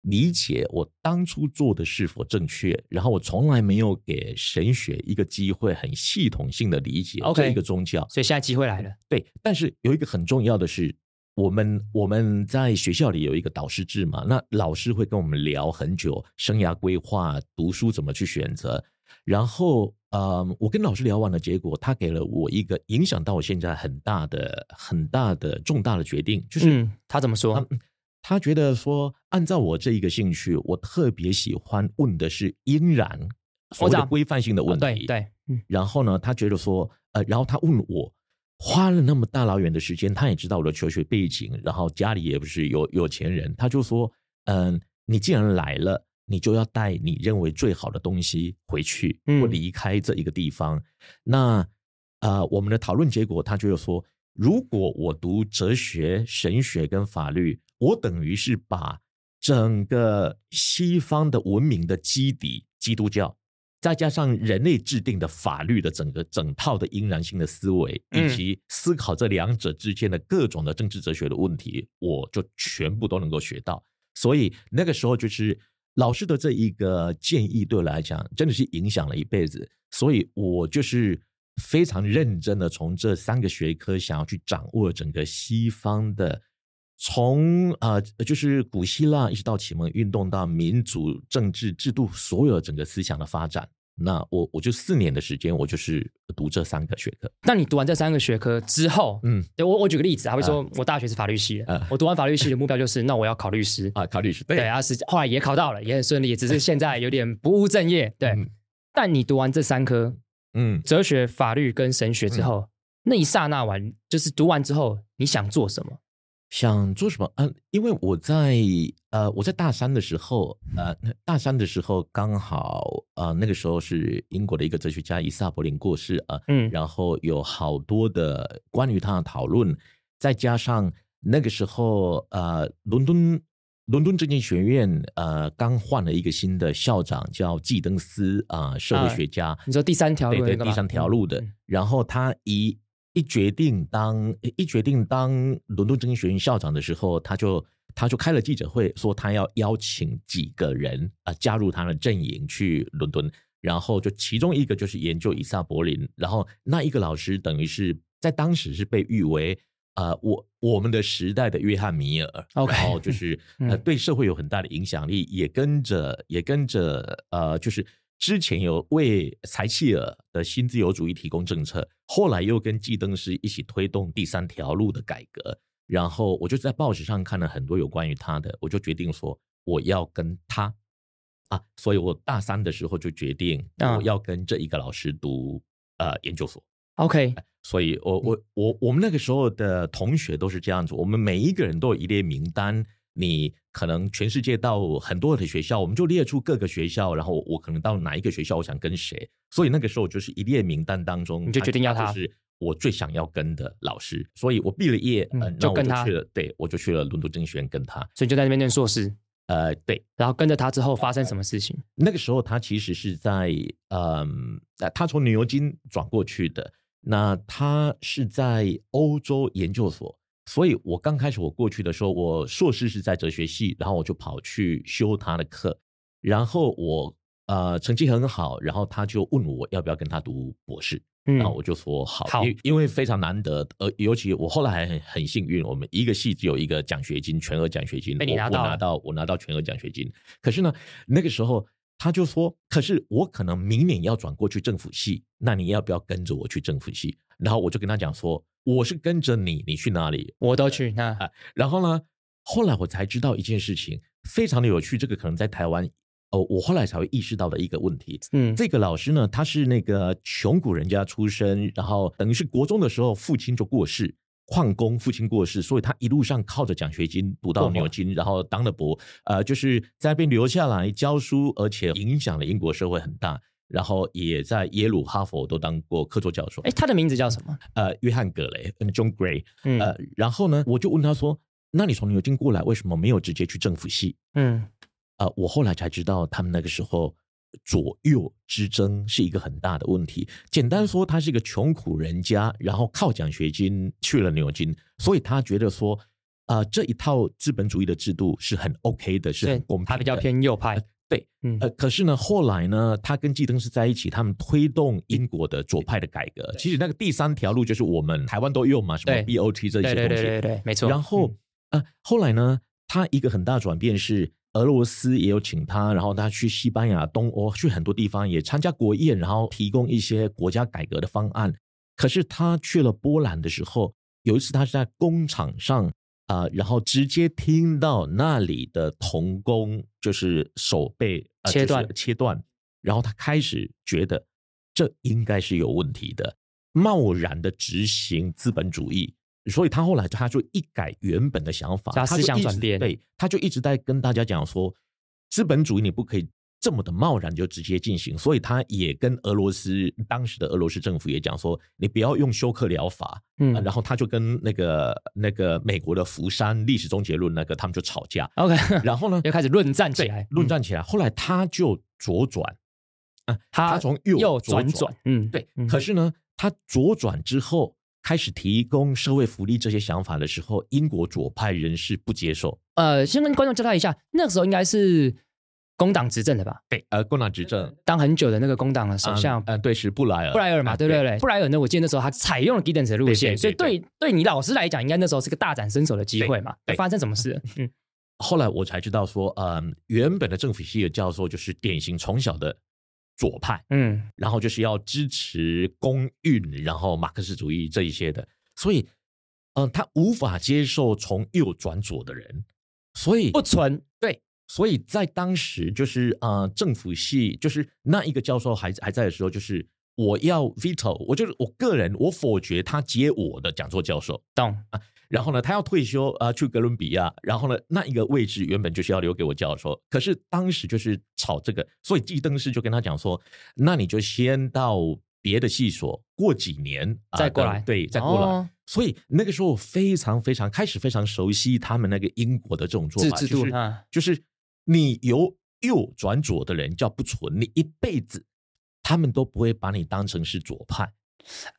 理解我當初做的是否正確，然後我從來沒有給神學一個機會，很系統性的理解對這一個宗教，所以現在機會來了。對，但是有一個很重要的是，我們我們在學校裡有一個導師制嘛，那老師會跟我們聊很久，生涯規劃、讀書怎麼去選擇，然後、呃、我跟老師聊完了結果，他給了我一個影響到我現在很大的、很大的、重大的決定，就是、嗯、他怎麼說？他他覺得說，按照我這一個興趣，我特別喜歡問的是因然所謂的規範性的問題。對對，然後呢，他覺得說，呃，然後他問了我花了那麼大老遠的時間，他也知道我的求學背景，然後家裡也不是有有錢人，他就說，嗯，你既然來了，你就要帶你認為最好的東西回去，不離開這一個地方。那呃，我們的討論結果，他就是說，如果我讀哲學、神學跟法律。我等於是把整個西方的文明的基底——基督教，再加上人類制定的法律的整個整套的應然性的思維，以及思考這兩者之間的各種的政治哲學的問題，我就全部都能夠學到。所以那個時候，就是老師的這一個建議對我來講，真的是影響了一輩子。所以我就是非常認真的從這三個學科想要去掌握整個西方的。從啊、呃，就是古希臘一直到啟蒙運動到民主政治制度，所有整個思想的發展。那我我就四年的時間，我就是讀這三個學科。那你讀完這三個學科之後，嗯，對，我我舉個例子，他會說我大學是法律系的，呃、我讀完法律系的目標就是，呃、那我要考律師啊，考律師。對，對啊，是後來也考到了，也很順利，只是現在有點不務正業。對，嗯、但你讀完這三科，嗯，哲學、法律跟神學之後，嗯、那一剎那完，就是讀完之後，你想做什麼？想做什麼？嗯、啊，因為我在呃，我在大三的時候，呃，大三的時候剛好呃，那個時候是英國的一個哲學家伊薩柏林過世，呃，嗯，然後有好多的關於他的討論，再加上那個時候呃，倫敦倫敦政經學院呃，剛換了一個新的校長叫紀登斯啊、呃，社會學家，啊、你知道第三條路，路的，第三條路的，嗯、然後他以。一決定當一決定當倫敦經濟學院校長的時候，他就他就開了記者會，說他要邀請幾個人啊、呃、加入他的陣營去倫敦，然後就其中一個就是研究以撒柏林，然後那一個老師等於是在當時是被譽為啊、呃、我我們的時代的約翰米爾，okay，然後就是、嗯、對社會有很大的影響力，也跟着也跟着呃就是。之前有為柴契爾的新自由主義提供政策，後來又跟紀登斯一起推動第三條路的改革，然後我就在報紙上看了很多有關於他的，我就決定說我要跟他啊，所以我大三的時候就決定我要跟這一個老師讀、嗯、呃研究所。OK，、啊、所以我我我我們那個時候的同學都是這樣子，我們每一個人都有一列名單。你可能全世界到很多的學校，我們就列出各個學校，然後我可能到哪一個學校，我想跟誰。所以那個時候就是一列名單當中，你就決定要他，他是我最想要跟的老師。所以我畢了業、嗯，就跟他就去了。對，我就去了倫敦政經學院跟他。所以就在那邊念碩士。呃，對。然後跟着他之後發生什麼事情？那個時候他其實是在嗯、呃，他從牛津轉過去的。那他是在歐洲研究所。所以，我剛開始我過去的時候，我碩士是在哲學系，然後我就跑去修他的課，然後我呃成績很好，然後他就問我要不要跟他讀博士，然後我就說好，因為非常難得，呃，尤其我後來還很很幸運，我們一個系只有一個獎學金，全額獎學金，我拿到我拿到全額獎學金。可是呢，那個時候他就說，可是我可能明年要轉過去政府系，那你要不要跟着我去政府系？然後我就跟他講說。我是跟着你，你去哪裡我都去。那、啊啊，然後呢，後來我才知道一件事情，非常的有趣。這個可能在台灣，呃、我後來才會意識到的一個問題。嗯，這個老師呢，他是那個窮苦人家出身，然後等於是國中的時候父親就過世，礦工父親過世，所以他一路上靠着獎學金讀到牛津，化然後當了博，呃，就是在那邊留下來教書，而且影響了英國社會很大。然後也在耶魯、哈佛都當過客座教授。哎，他的名字叫什麼？呃，約翰·格雷 （John Gray）、嗯。呃，然後呢，我就問他說：“那你從牛津過來，為什麼沒有直接去政府系？”嗯，呃我後來才知道，他們那個時候左右之爭是一個很大的問題。簡單說，他是一個窮苦人家，然後靠獎學金去了牛津，所以他覺得說，啊、呃，這一套資本主義的制度是很 OK 的，是很公平的。他比較偏右派。對，嗯，呃，可是呢，後來呢，他跟紀登斯在一起，他們推動英國的左派的改革。其實那個第三條路就是我們台灣都用嘛，對什麼 BOT 這一些東西。對對對對，沒錯。然後，嗯、呃，後來呢，他一個很大轉變是，俄羅斯也有請他，然後他去西班牙、東歐，去很多地方也參加國宴，然後提供一些國家改革的方案。可是他去了波蘭的時候，有一次他是在工廠上。啊、呃，然後直接聽到那裡的童工就是手被切斷、呃、切斷，然後他開始覺得這應該是有問題的，貿然的執行資本主義，所以他後來他就一改原本的想法，他思想轉變，對，他就一直在跟大家講說，資本主義你不可以，這麼的貿然就直接進行，所以他也跟俄羅斯當時的俄羅斯政府也講說，你不要用休克療法。嗯、嗯，然後他就跟那個那個美國的福山歷史終結論那個他們就吵架。OK，然後呢，就開始論戰起來，對論戰起來。嗯、後來他就左轉，他、嗯、他從右左轉，轉轉轉嗯，對。嗯、可是呢，他左轉之後開始提供社會福利這些想法的時候，英國左派人士不接受。呃，先跟觀眾交代一下，那時候應該是。工黨執政的吧？對，呃，工黨執政當很久的那個工黨的首相，嗯、呃，對，是布萊爾，布萊爾嘛，呃、對不對，對？布萊爾呢，我記得那時候他採用了紀登斯的路線，對對對對，所以對，對你老師來講，應該那時候是個大展身手的機會嘛。對對對，發生什麼事？嗯， 後來我才知道說，嗯，原本的政府希爾教授，就是典型從小的左派，嗯，然後就是要支持公運，然後馬克思主義這一些的，所以，嗯，他無法接受從右轉左的人，所以不存。所以在當時，就是啊、呃，政府系就是那一個教授還還在的時候，就是我要 veto 我就是我個人，我否決他接我的講座教授。懂啊？然後呢，他要退休啊，去哥倫比亞，然後呢，那一個位置原本就是要留給我教授。可是當時就是吵這個，所以紀登斯就跟他講說：“那你就先到別的系所過幾年，啊、再過來，嗯、對，再過來。哦”所以那個時候我非常非常開始非常熟悉他們那個英國的這種做法，就是就是。啊就是你由右轉左的人叫不純，你一輩子他們都不會把你當成是左派。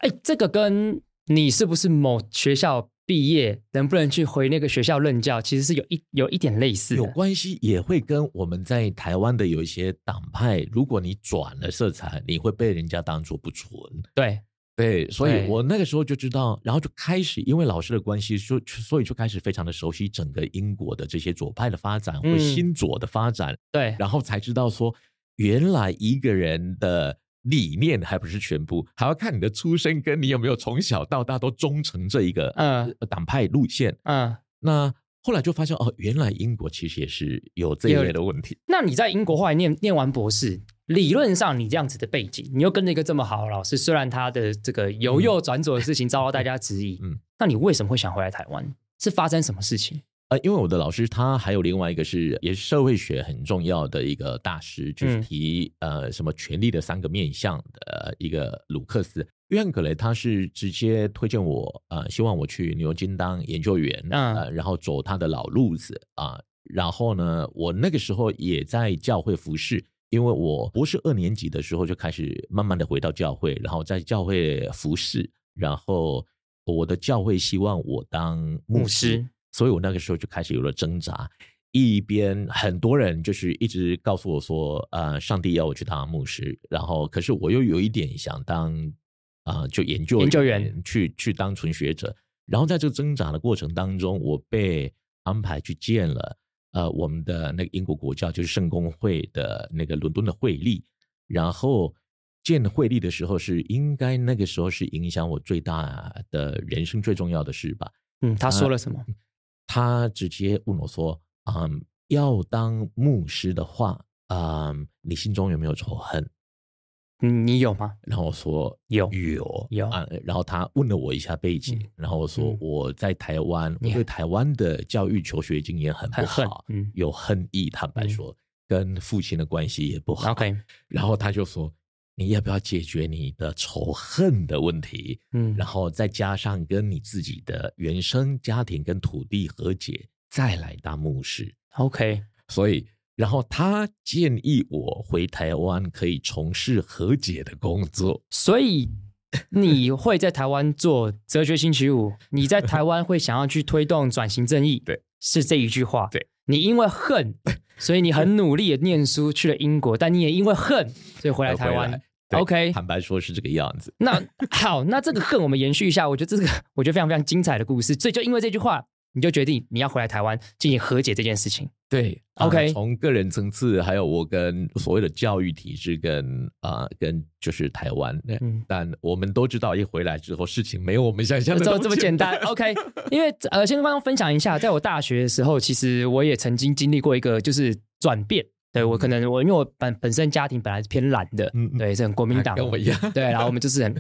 哎、欸，這個跟你是不是某學校畢業，能不能去回那個學校任教，其實是有一有一點類似，有關係，也會跟我們在台灣的有一些黨派，如果你轉了色彩，你會被人家當做不純。對。對，所以我那個時候就知道，對然後就開始，因為老師的關係，就所以就開始非常的熟悉整個英國的這些左派的發展、嗯、或新左的發展。對，然後才知道說，原來一個人的理念還不是全部，還要看你的出身跟你有沒有從小到大都忠誠這一個呃黨派路線。嗯，嗯，那後來就發現哦，原來英國其實也是有這一類的問題。那你在英國後來念念完博士？理論上，你這樣子的背景，你又跟着一個這麼好的老師，雖然他的這個由右轉左的事情遭到大家質疑嗯，嗯，嗯，那你為什麼會想回來台灣？是發生什麼事情？呃，因為我的老師他還有另外一個是也是社會學很重要的一個大師，就是提、嗯、呃什麼權力的三個面向的一個魯克斯約翰·格雷，他是直接推薦我呃，希望我去牛津當研究員，嗯、呃，然後走他的老路子啊、呃，然後呢，我那個時候也在教會服侍。因為我博士二年級的時候就開始慢慢的回到教會，然後在教會服侍，然後我的教會希望我當牧師，牧師所以我那個時候就開始有了掙扎，一邊很多人就是一直告訴我說，呃，上帝要我去當牧師，然後可是我又有一點想當，啊、呃，就研究研究員去去當純學者，然後在這個掙扎的過程當中，我被安排去見了。呃，我們的那個英國國教就是聖公會的那個倫敦的會立，然後見會立的時候是應該那個時候是影響我最大的人生最重要的事吧？嗯，他說了什麼？啊，他直接問我說：“嗯，要當牧師的話，嗯，你心中有沒有仇恨？”你有嗎？然後我說有有有啊，然後他問了我一下背景，然後我說我在台灣，我對台灣的教育求學經驗很不好，有恨意，坦白說，跟父親的關係也不好。OK，然後他就說你要不要解決你的仇恨的問題？嗯，然後再加上跟你自己的原生家庭跟土地和解，再來當牧師。OK，所以。然後他建議我回台灣可以從事和解的工作，所以你會在台灣做哲學星期五，你在台灣會想要去推動轉型正義，對，是這一句話。對，你因為恨，所以你很努力的念書去了英國，對但你也因為恨，所以回來台灣。OK，坦白說是這個樣子。那好，那這個恨我們延續一下，我覺得這個，我覺得非常非常精彩的故事，所以就因為這句話。你就決定你要回來台灣進行和解這件事情，對、啊、，OK。從個人層次，還有我跟所謂的教育體制跟，跟、呃、啊，跟就是台灣，嗯、但我們都知道，一回來之後事情沒有我們想象中這麼簡單 ，OK。因為呃，先跟觀眾分享一下，在我大學的時候，其實我也曾經經歷過一個就是轉變。對，我可能我因為我本本身家庭本來是偏藍的，嗯、對，是很國民黨，跟我一樣，對，然後我們就是很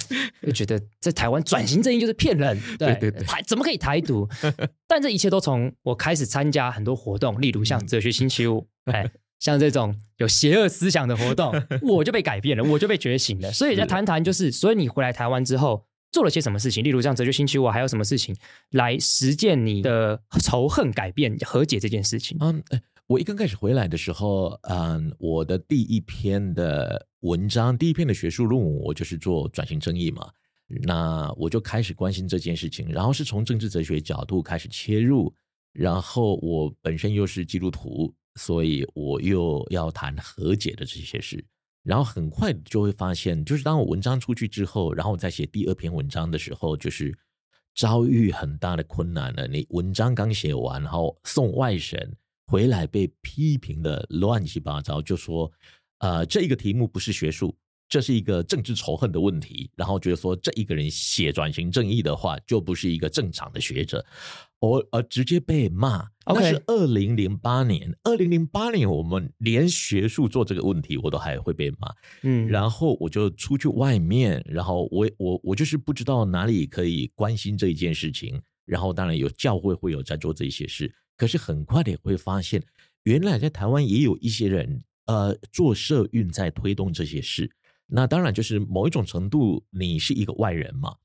就覺得在台灣轉型正義就是騙人，對，對對對台怎麼可以台獨？ 但這一切都從我開始參加很多活動，例如像哲學星期五，嗯、哎，像這種有邪惡思想的活動， 我就被改變了，我就被覺醒了。所以在談談，就是所以你回來台灣之後做了些什麼事情？例如像哲學星期五、啊，還有什麼事情來實踐你的仇恨改變和解這件事情？嗯。我一剛開始回來的時候，嗯，我的第一篇的文章，第一篇的學術論文，我就是做轉型正義嘛，那我就開始關心這件事情，然後是從政治哲學角度開始切入，然後我本身又是基督徒，所以我又要談和解的這些事，然後很快就會發現，就是當我文章出去之後，然後在寫第二篇文章的時候，就是遭遇很大的困難了。你文章剛寫完，然後送外審，回來被批評的亂七八糟，就說，呃，這一個題目不是學術，這是一個政治仇恨的問題。然後覺得說這一個人寫轉型正義的話，就不是一個正常的學者。我而，呃，直接被罵。Okay. 那是二零零八年，二零零八年我們連學術做這個問題，我都還會被罵。嗯，然後我就出去外面，然後我我我就是不知道哪裡可以關心這一件事情。然後當然有教會會有在做這些事。可是很快的也會發現，原來在台灣也有一些人，呃，做社運在推動這些事。那當然就是某一種程度，你是一個外人嘛。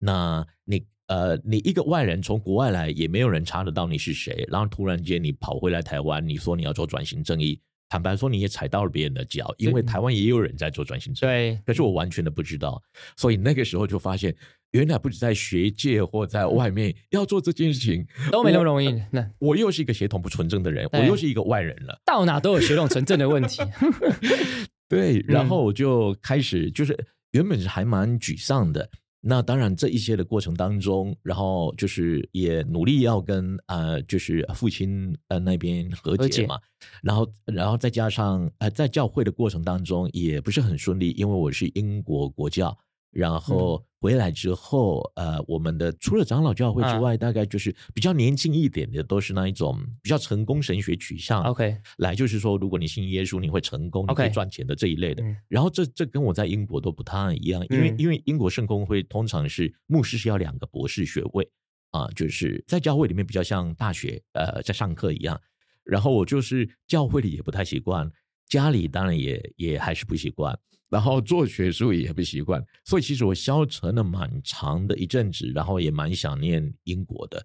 那你，呃，你一個外人從國外來，也沒有人查得到你是誰。然後突然間你跑回來台灣，你說你要做轉型正義。坦白說，你也踩到了別人的腳，因為台灣也有人在做轉型正義。對，可是我完全的不知道，所以那個時候就發現，原來不止，在學界或在外面要做這件事情都沒那麼容易。那我又是一個血統不純正的人，對我又是一個外人了，到哪都有血統純正的問題。 對，然後我就開始，就是原本是還蠻沮喪的。那當然，這一些的過程當中，然後就是也努力要跟呃，就是父親呃，那邊和解嘛，且然後然後再加上呃在教會的過程當中也不是很順利，因為我是英國國教。然後回來之後，嗯、呃，我們的除了長老教會之外，嗯、大概就是比較年輕一點的，都是那一種比較成功神學取向。OK，來就是說，如果你信耶穌，你會成功，你會賺錢的這一類的。嗯、然後這這跟我在英國都不太一樣，因為、嗯、因為英國聖公會通常是牧師是要兩個博士學位啊、呃，就是在教會裡面比較像大學，呃，在上課一樣。然後我就是教會裡也不太習慣，家裡當然也也還是不習慣。然後做學術也不習慣，所以其實我消沉了蠻長的一陣子，然後也蠻想念英國的。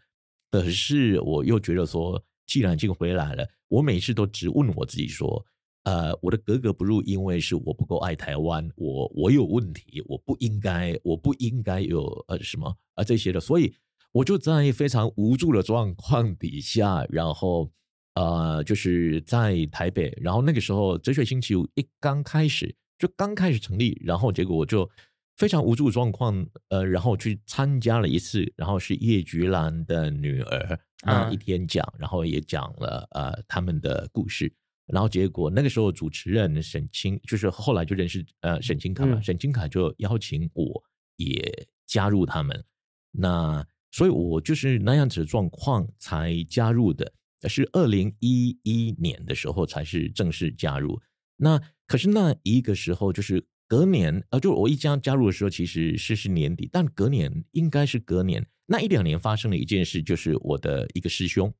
但是我又覺得說，既然已經回來了，我每次都只問我自己說，呃，我的格格不入，因為是我不夠愛台灣，我我有問題，我不應該，我不應該有呃什麼啊、呃、這些的。所以我就在非常無助的狀況底下，然後呃，就是在台北，然後那個時候《哲學星期五》一剛開始。就剛開始成立，然後結果我就非常無助狀況，呃，然後去參加了一次，然後是葉菊蘭的女兒那一天講，啊、然後也講了呃他們的故事，然後結果那個時候主持人沈清，就是後來就認識呃沈清楷，沈清楷、嗯、就邀請我也加入他們，那所以我就是那樣子的狀況才加入的，是二零一一年的時候才是正式加入。那可是那一個時候，就是隔年，呃，就我一家加入的時候，其實是是年底，但隔年應該是隔年那一兩年發生了一件事，就是我的一個師兄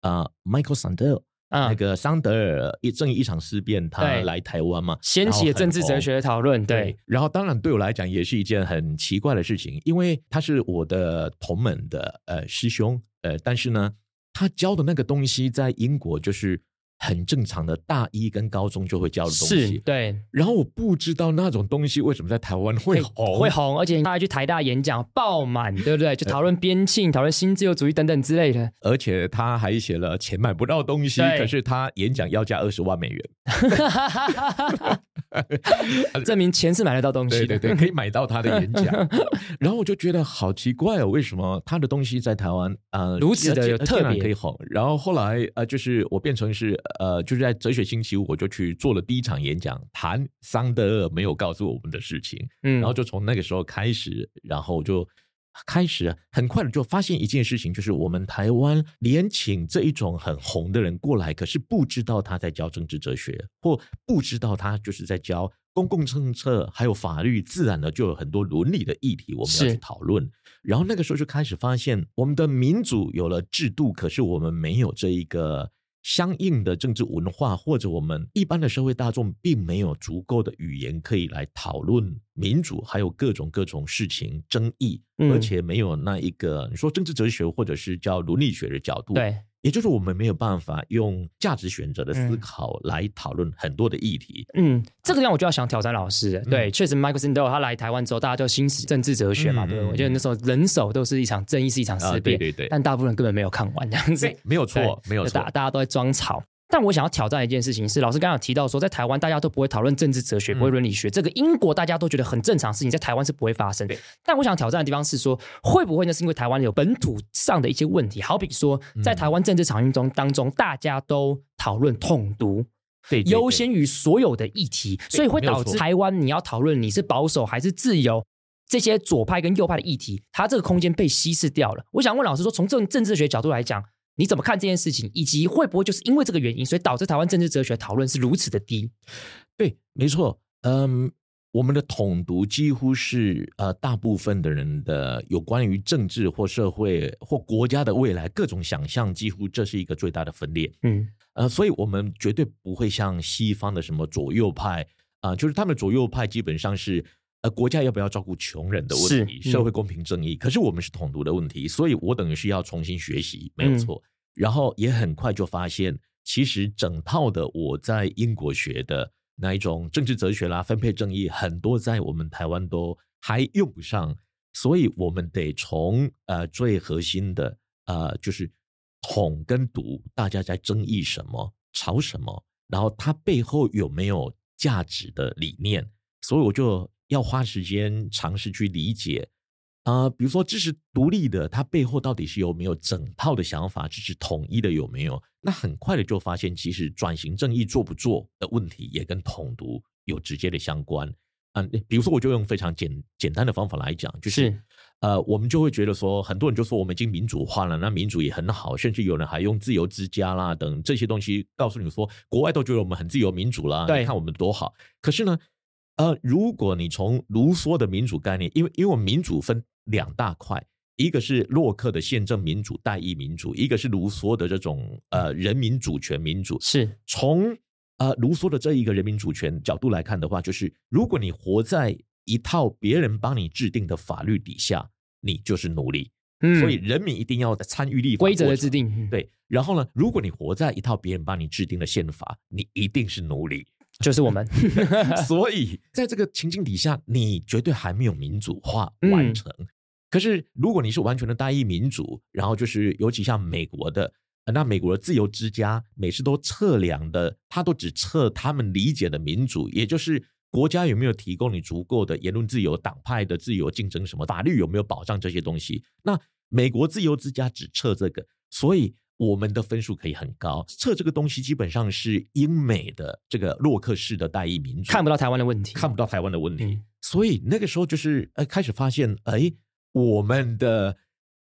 啊、呃、，Michael Sandel、嗯、那個 Sandel 一正義一場思辨，他來台灣嘛，掀對起的政治哲學討論，對，對。然後當然對我來講也是一件很奇怪的事情，因為他是我的同門的呃師兄，呃，但是呢，他教的那個東西在英國就是。很正常的大一跟高中就會教的東西，是對。然後我不知道那種東西為什麼在台灣會紅，會紅，而且他還去台大演講爆滿，對不對？就討論邊沁，呃、討論新自由主義等等之類的。而且他還寫了錢買不到東西，對可是他演講要價二十萬美元，哈哈哈，證明錢是買得到東西的，對對,對可以買到他的演講。 然後我就覺得好奇怪、哦，為什麼他的東西在台灣、呃、如此的特別可以紅？然後後來呃，就是我變成是。呃，就是在哲學星期五，我就去做了第一場演講，談桑德爾沒有告訴我們的事情。嗯，然後就從那個時候開始，然後就開始很快的就發現一件事情，就是我們台灣連請這一種很紅的人過來，可是不知道他在教政治哲學，或不知道他就是在教公共政策，還有法律，自然呢就有很多倫理的議題我們要去討論。是然後那個時候就開始發現，我們的民主有了制度，可是我們沒有這一個。相應的政治文化，或者我們一般的社會大眾，並沒有足夠的語言可以來討論民主，還有各種各種事情爭議，嗯、而且沒有那一個你說政治哲學，或者是叫倫理學的角度。對。也就是我們沒有辦法用價值選擇的思考來討論很多的議題。嗯，這個樣我就要想挑戰老師。嗯、對，確實 Michael Sandel 他來台灣之後，大家就新政治哲學嘛，嗯、對不對？我覺得那時候人手都是一場正義是一場思辨、啊、對,對對，但大部分人根本沒有看完這樣子。沒有錯，對沒有錯，大大家都在裝草。但我想要挑戰一件事情是，是老師剛剛提到說，在台灣大家都不會討論政治哲學、不會倫理學，嗯、這個英國大家都覺得很正常事情，在台灣是不會發生。對但我想挑戰的地方是說，會不會呢？是因為台灣有本土上的一些問題？好比說，在台灣政治場域中當中，嗯、大家都討論統獨，優先於所有的議題，對所以會導致台灣你要討論你是保守還是自由這些左派跟右派的議題，它這個空間被稀釋掉了。我想問老師說，從政治學角度來講。你怎麼看這件事情，以及會不會就是因為這個原因，所以導致台灣政治哲學討論是如此的低？對，沒錯，嗯，我們的統獨幾乎是呃，大部分的人的有關於政治或社會或國家的未來各種想象，幾乎這是一個最大的分裂。嗯，呃，所以我們絕對不會像西方的什麼左右派啊，呃，就是他們左右派基本上是。呃，國家要不要照顧窮人的問題，嗯、社會公平正義。可是我們是統獨的問題，所以我等於是要重新學習，沒有錯。嗯、然後也很快就發現，其實整套的我在英國學的那一種政治哲學啦、分配正義，很多在我們台灣都還用不上，所以我們得從呃最核心的呃就是統跟獨，大家在爭議什麼、吵什麼，然後它背後有沒有價值的理念，所以我就。要花時間嘗試去理解啊、呃，比如說支持獨立的，它背後到底是有沒有整套的想法？支持統一的有沒有？那很快的就發現，其實轉型正義做不做的問題，也跟統獨有直接的相關啊、呃。比如說，我就用非常簡簡單的方法來講，就是，是呃，我們就會覺得說，很多人就說我們已經民主化了，那民主也很好，甚至有人還用自由之家啦等這些東西告訴你說，國外都覺得我們很自由民主啦，對，看我們多好。可是呢？呃，如果你從盧梭的民主概念，因為因為民主分兩大塊，一個是洛克的憲政民主、代議民主，一個是盧梭的這種呃人民主權民主。是，從呃盧梭的這一個人民主權角度來看的話，就是如果你活在一套別人幫你制定的法律底下，你就是奴隸。嗯。所以人民一定要參與立法規則的制定。對。然後呢，如果你活在一套別人幫你制定的憲法，你一定是奴隸。就是我們， 所以在這個情境底下，你絕對還沒有民主化完成。可是，如果你是完全的代議民主，然後就是尤其像美國的，那美國的自由之家每次都測量的，他都只測他們理解的民主，也就是國家有沒有提供你足夠的言論自由、黨派的自由競爭什麼、法律有沒有保障這些東西。那美國自由之家只測這個，所以。我們的分數可以很高，測這個東西基本上是英美的這個洛克式的代議民主，看不到台灣的問題，看不到台灣的問題。嗯、所以那個時候就是呃開始發現，哎，我們的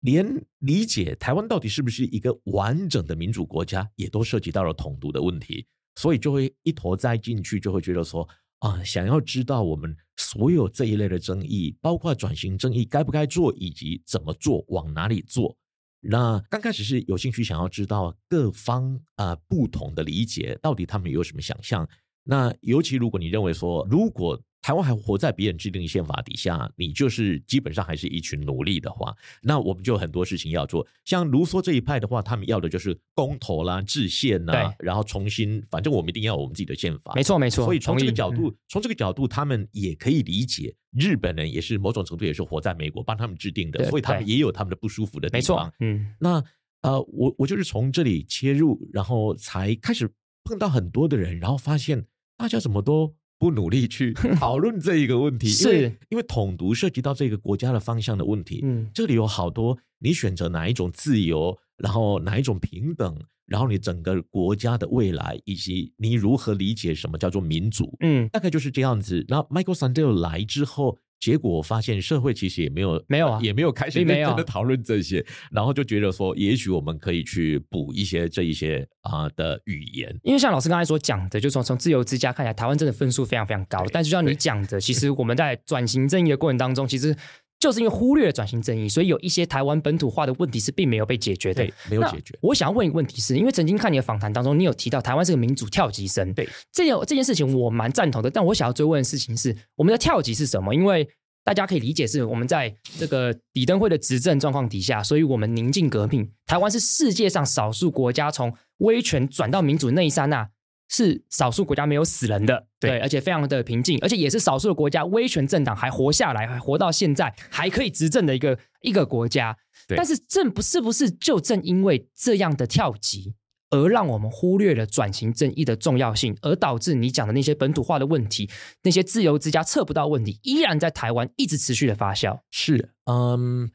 連理解台灣到底是不是一個完整的民主國家，也都涉及到了統獨的問題。所以就會一頭栽進去，就會覺得說啊，想要知道我們所有這一類的爭議，包括轉型爭議該不該做以及怎麼做，往哪裡做。那剛開始是有興趣想要知道各方啊、呃、不同的理解，到底他們有什麼想象那尤其如果你認為說，如果。台灣還活在別人制定的憲法底下，你就是基本上還是一群奴隸的話，那我們就很多事情要做。像盧梭這一派的話，他們要的就是公投啦、制憲啦，對然後重新，反正我們一定要有我們自己的憲法。沒錯，沒錯。所以從這個角度，從同意這個角度，嗯、他們也可以理解日本人也是某種程度也是活在美國幫他們制定的，對所以他們也有他們的不舒服的地方。嗯，那呃，我我就是從這裡切入，然後才開始碰到很多的人，然後發現大家怎麼都。不努力去討論這一個問題， 是因，因為統獨涉及到這個國家的方向的問題。嗯，這裡有好多，你選擇哪一種自由，然後哪一種平等，然後你整個國家的未來，以及你如何理解什麼叫做民主。嗯，大概就是這樣子。那 Michael Sandel 來之後。結果發現社會其實也沒有沒有啊、呃，也沒有開始真的討論這些，啊、然後就覺得說，也許我們可以去補一些這一些啊、呃、的語言。因為像老師剛才所講的，就是、從從自由之家看起來，台灣真的分數非常非常高。對但是像你講的，對其實我們在轉型正義的過程當中， 其實。就是因為忽略了轉型正義，所以有一些台灣本土化的問題是並沒有被解決的，對，沒有解決。我想要問一個問題是，是因為曾經看你的訪談當中，你有提到台灣是個民主跳級生，對，這件這件事情我蠻贊同的。但我想要追問的事情是，我們的跳級是什麼？因為大家可以理解是我們在這個李登輝的執政狀況底下，所以我們寧靜革命，台灣是世界上少數國家從威權轉到民主那一剎那。是少數國家沒有死人的，對，對，而且非常的平靜，而且也是少數的國家，威權政黨還活下來，還活到現在，還可以執政的一個一個國家。對但是正不是不是就正因為這樣的跳級，而讓我們忽略了轉型正義的重要性，而導致你講的那些本土化的問題，那些自由之家測不到的問題，依然在台灣一直持續的發酵。是，嗯。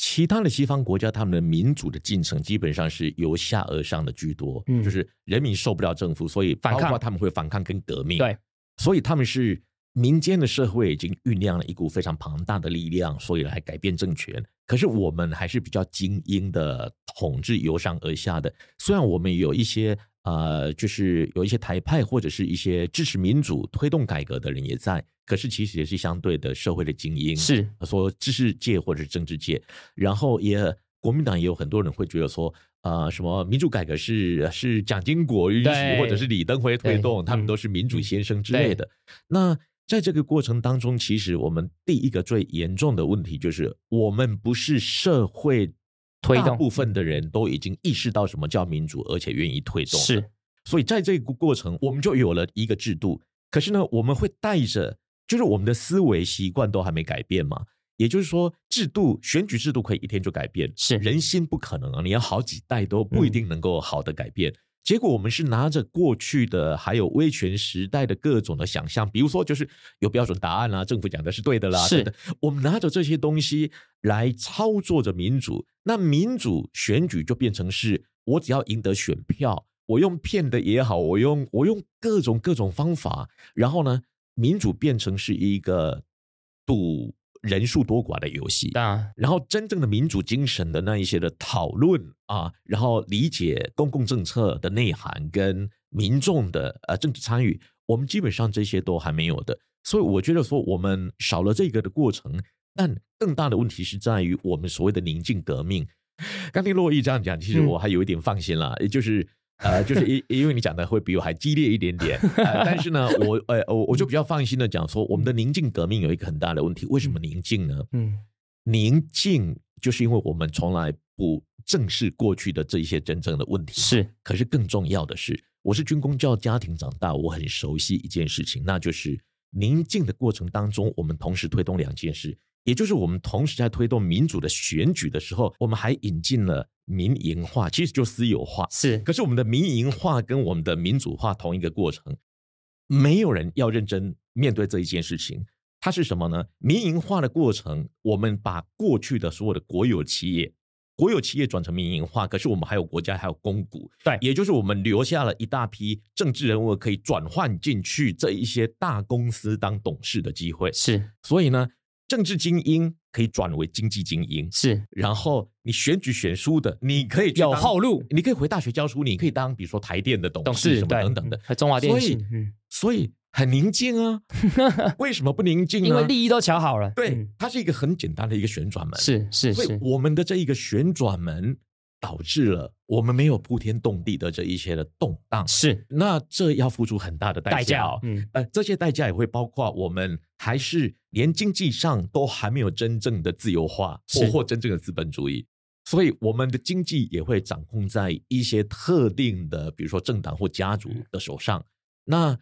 其他的西方國家，他們的民主的進程基本上是由下而上的居多，嗯、就是人民受不了政府，所以包括他們會反抗跟革命。對，所以他們是。民間的社會已經醞釀了一股非常龐大的力量，所以來改變政權。可是我們還是比較精英的統治，由上而下的。雖然我們有一些呃，就是有一些台派或者是一些支持民主、推動改革的人也在，可是其實也是相對的社會的精英，是說知識界或者是政治界。然後也國民黨也有很多人會覺得說，呃，什麼民主改革是是蔣經國允許對或者是李登輝推動，對他們都是民主先生之類的。嗯、那在這個過程當中，其實我們第一個最嚴重的問題就是，我們不是社會大部分的人都已經意識到什麼叫民主，而且願意推動。是，所以在這個過程，我們就有了一個制度。可是呢，我們會帶着，就是我們的思維習慣都還沒改變嘛。也就是說，制度選舉制度可以一天就改變，是人心不可能啊！你要好幾代都不一定能夠好的改變。嗯結果我們是拿着過去的，還有威權時代的各種的想象，比如說就是有標準答案啦、啊，政府講的是對的啦，是的。我們拿着這些東西來操作着民主，那民主選舉就變成是我只要贏得選票，我用騙的也好，我用我用各種各種方法，然後呢，民主變成是一個賭。人數多寡的遊戲啊，然後真正的民主精神的那一些的討論啊，然後理解公共政策的內涵跟民眾的呃政治參與，我們基本上這些都還沒有的，所以我覺得說我們少了這個的過程，但更大的問題是在於我們所謂的寧靜革命。剛聽珞亦這樣講，其實我還有一點放心了，嗯、也就是。 呃，就是因因為你講的會比我還激烈一點點，呃、但是呢，我呃我我就比較放心的講說，我們的寧靜革命有一個很大的問題，為什麼寧靜呢？嗯，寧靜就是因為我們從來不正視過去的這一些真正的問題。是，可是更重要的是，我是軍公教家庭長大，我很熟悉一件事情，那就是寧靜的過程當中，我們同時推動兩件事。也就是我們同時在推動民主的選舉的時候，我們還引進了民營化，其實就私有化。是，可是我們的民營化跟我們的民主化同一個過程，沒有人要認真面對這一件事情。它是什麼呢？民營化的過程，我們把過去的所有的國有企業、國有企業轉成民營化，可是我們還有國家還有公股。對，也就是我們留下了一大批政治人物可以轉換進去這一些大公司當董事的機會。是，所以呢？政治精英可以轉為經濟精英，是。然後你選舉選輸的，你可以有後路，你可以回大學教書，你可以當，比如說台電的董事什麼等等的，以中華電信。所以，嗯、所以很寧靜啊， 為什麼不寧靜？因為利益都喬好了。對，嗯、它是一個很簡單的一個旋轉門。是是是，是所以我們的這一個旋轉門。導致了我們沒有鋪天動地的這一些的動盪，是，那這要付出很大的代價，代價哦、嗯，呃，這些代價也會包括我們還是連經濟上都還沒有真正的自由化或真正的資本主義，是。所以我們的經濟也會掌控在一些特定的，比如說政黨或家族的手上。嗯、那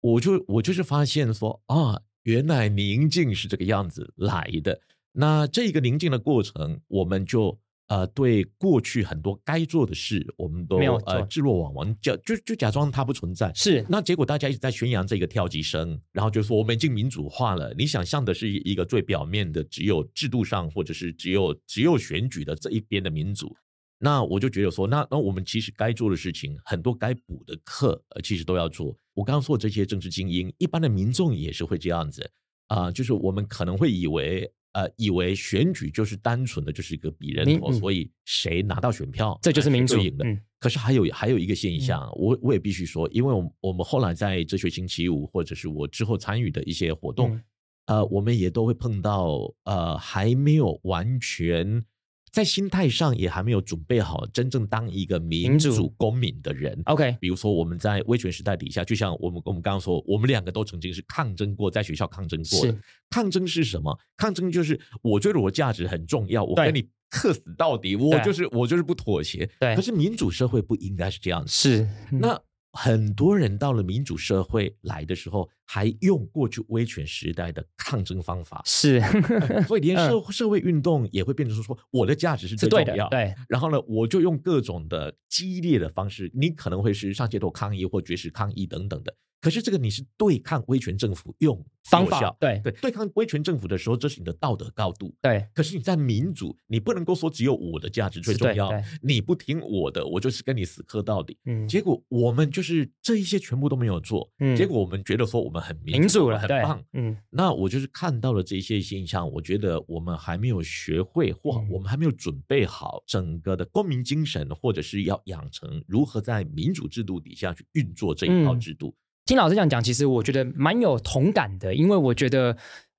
我就我就是發現說啊，原來寧靜是這個樣子來的。那這個寧靜的過程，我們就。呃，對過去很多該做的事，我們都沒有呃置若罔聞，就就就假裝它不存在。是，那結果大家一直在宣揚這個跳級生，然後就說我們已經民主化了。你想象的是一個最表面的，只有制度上或者是只有只有選舉的這一邊的民主。那我就覺得說，那那我們其實該做的事情很多，該補的課其實都要做。我剛剛說的這些政治精英，一般的民眾也是會這樣子啊，呃，就是我們可能會以為。呃，以為選舉就是單純的就是一個比人頭，嗯嗯、所以誰拿到選票，這就是民主贏的。嗯、可是還有還有一個現象，嗯、我我也必須說，因為我們我們後來在哲學星期五，或者是我之後參與的一些活動，嗯、呃，我們也都會碰到呃，還沒有完全。在心態上也還沒有準備好真正當一個民主公民的人。嗯、OK，比如說我們在威權時代底下，就像我們我們剛剛說，我們兩個都曾經是抗爭過，在學校抗爭過是抗爭是什麼？抗爭就是我覺得我價值很重要，我跟你克死到底，對我就是我就是不妥協。對。可是民主社會不應該是這樣子。是。嗯、那很多人到了民主社會來的時候，還用過去威權時代的抗爭方法，是、嗯，所以連社會、嗯、社會運動也會變成說，我的價值是最重要，對的，對。然後呢，我就用各種的激烈的方式，你可能會是上街頭抗議或絕食抗議等等的。可是這個你是對抗威權政府用方法，對對，對抗威權政府的時候，這是你的道德高度，對。可是你在民主，你不能夠說只有我的價值最重要，對對，你不聽我的，我就是跟你死磕到底。嗯。結果我們就是這一些全部都沒有做，嗯、結果我們覺得說我們。民主，民主了，很棒。嗯，那我就是看到了這些現象，我覺得我們還沒有學會或我們還沒有準備好整個的公民精神，或者是要養成如何在民主制度底下去運作這一套制度。嗯，聽老師這樣講，其實我覺得蠻有同感的，因為我覺得。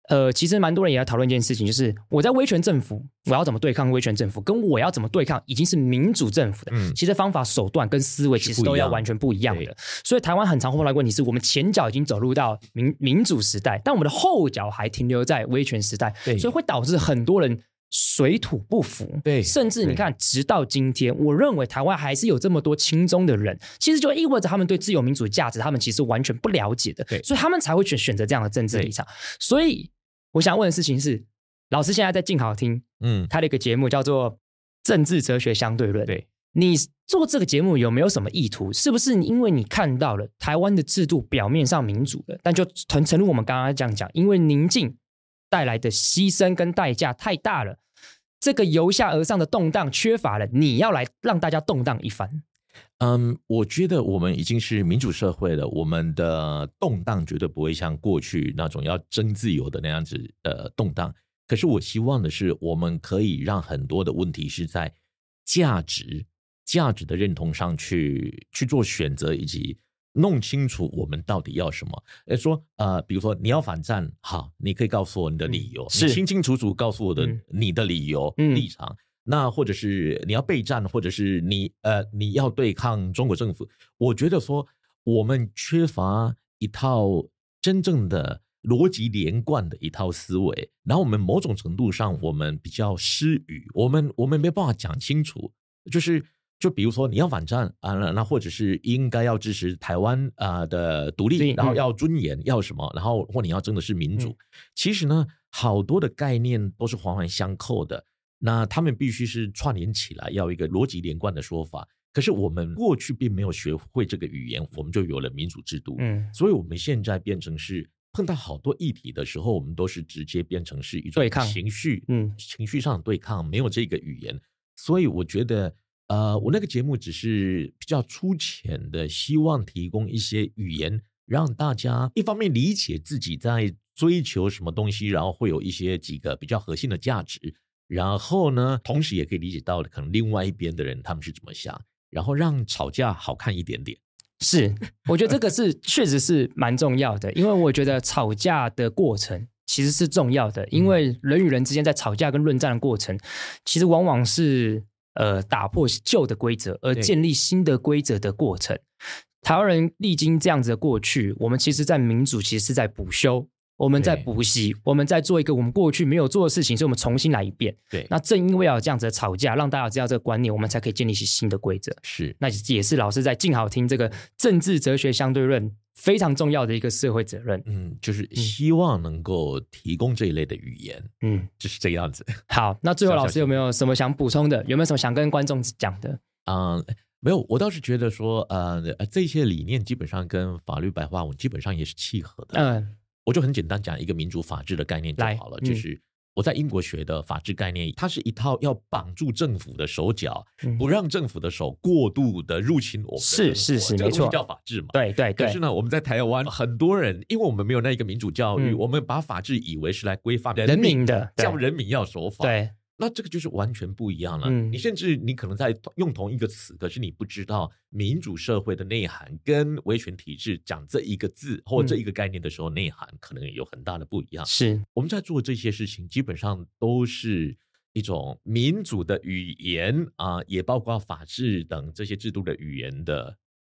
呃，其實蠻多人也要討論一件事情，就是我在威權政府，我要怎麼對抗威權政府，跟我要怎麼對抗已經是民主政府的，嗯、其實方法手段跟思維其實都要完全不一樣的。樣所以台灣很常碰到的問題是我們前腳已經走入到民民主時代，但我們的後腳還停留在威權時代，對所以會導致很多人。水土不服，對，甚至你看，直到今天，對我認為台灣還是有這麼多親中的人，其實就意味着他們對自由民主的價值，他們其實完全不了解的，對所以他們才會選選擇這樣的政治立場。對所以我想問的事情是，老師現在在鏡好聽，嗯，他的一個節目叫做《政治哲學相對論》對，對你做這個節目有沒有什麼意圖？是不是因為你看到了台灣的制度表面上民主了，但就成，正如我們剛剛這樣講，因為寧靜。帶來的犧牲跟代價太大了，這個由下而上的動盪缺乏了，你要來讓大家動盪一番。嗯，um, 我覺得我們已經是民主社會了，我們的動盪絕對不會像過去那種要爭自由的那樣子，呃，動盪。可是我希望的是，我們可以讓很多的問題是在價值、價值的認同上去去做選擇以及。弄清楚我們到底要什麼？哎，說，呃，比如說你要反戰，好，你可以告訴我你的理由，嗯、是清清楚楚告訴我的你的理由、嗯、立場。那或者是你要備戰，或者是你呃你要對抗中國政府。我覺得說我們缺乏一套真正的邏輯連貫的一套思維，然後我們某種程度上我們比較失語，我們我們沒辦法講清楚，就是。就比如說你要反戰啊，那或者是應該要支持台灣啊、呃、的獨立，對然後要尊嚴，嗯、要什麼，然後或你要爭的是民主。嗯、其實呢，好多的概念都是環環相扣的，那他們必須是串聯起來，要一個邏輯連貫的說法。可是我們過去並沒有學會這個語言，我們就有了民主制度。嗯，所以我們現在變成是碰到好多議題的時候，我們都是直接變成是一種情緒，對抗嗯，情緒上的對抗，沒有這個語言。所以我覺得。呃，我那個節目只是比較粗淺的，希望提供一些語言，讓大家一方面理解自己在追求什麼東西，然後會有一些幾個比較核心的價值，然後呢，同時也可以理解到可能另外一邊的人他們是怎麼想，然後讓吵架好看一點點。是，我覺得這個是 確實是蠻重要的，因為我覺得吵架的過程其實是重要的，因為人與人之間在吵架跟論戰的過程，其實往往是。呃，打破舊的規則而建立新的規則的過程，對台灣人歷經這樣子的過去，我們其實，在民主其實是在補修，我們在補習，對我們在做一個我們過去沒有做的事情，所以我們重新來一遍。對，那正因為有這樣子的吵架，對讓大家知道這個觀念，我們才可以建立起新的規則。是，那也是老師在鏡好聽這個政治哲學相對論。非常重要的一個社會責任，嗯，就是希望能夠提供這一類的語言，嗯，就是這個樣子。好，那最後老師有沒有什麼想補充的？有沒有什麼想跟觀眾講的？嗯，沒有，我倒是覺得說，呃，這些理念基本上跟法律白話文基本上也是契合的。嗯，我就很簡單講一個民主法治的概念就好了，嗯、就是。我在英國學的法治概念，它是一套要綁住政府的手腳，嗯、不讓政府的手過度的入侵我們是。是是是，沒錯，叫法治嘛。對對。可是呢，我們在台灣很多人，因為我們沒有那一個民主教育，嗯、我們把法治以為是來規範人，人民的，叫人民要守法。對。那這個就是完全不一樣了。嗯、你甚至你可能在用同一個詞，可是你不知道民主社會的內涵跟威權體制講這一個字、嗯、或這一個概念的時候，內涵可能有很大的不一樣。是我們在做這些事情，基本上都是一種民主的語言啊、呃，也包括法治等這些制度的語言的，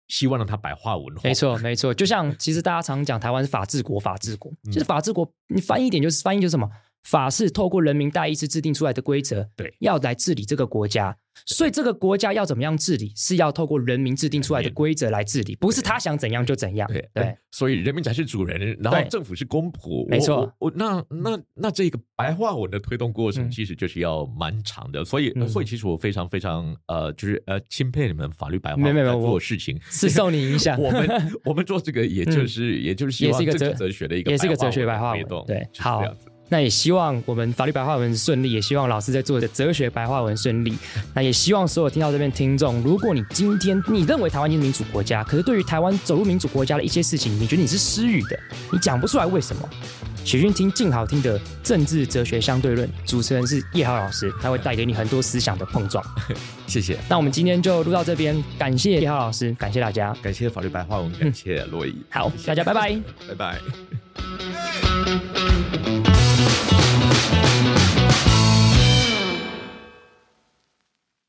希望讓它白話文化。沒錯，沒錯。就像其實大家常講台灣是法治國，法治國，嗯、其實法治國你翻譯一點就是翻譯就是什麼？法是透過人民代議制制定出來的規則，對，要來治理這個國家。所以這個國家要怎麼樣治理，是要透過人民制定出來的規則來治理，不是他想怎樣就怎樣。對對，所以人民才是主人，然後政府是公僕。沒錯，我那那那這個白話文的推動過程，其實就是要蠻長的。所以所以，其實我非常非常呃，就是呃，欽佩你們法律白話文來做事情，是受你影響。我們我們做這個，也就是也就是也是一個哲學的一個，也是一個哲學白話文推動。對，好。那也希望我們法律白話文順利，也希望老師在做的哲學白話文順利。那也希望所有聽到這邊聽眾，如果你今天你認為台灣是民主國家，可是對於台灣走入民主國家的一些事情，你覺得你是失語的，你講不出來為什麼，喜歡聽鏡好聽的政治哲學相對論，主持人是葉浩老師，他會帶給你很多思想的碰撞。 謝謝。那我們今天就錄到這邊，感謝葉浩老師，感謝大家，感謝法律白話文，感謝珞亦。嗯、好，謝謝大家拜拜，拜拜。Yeah!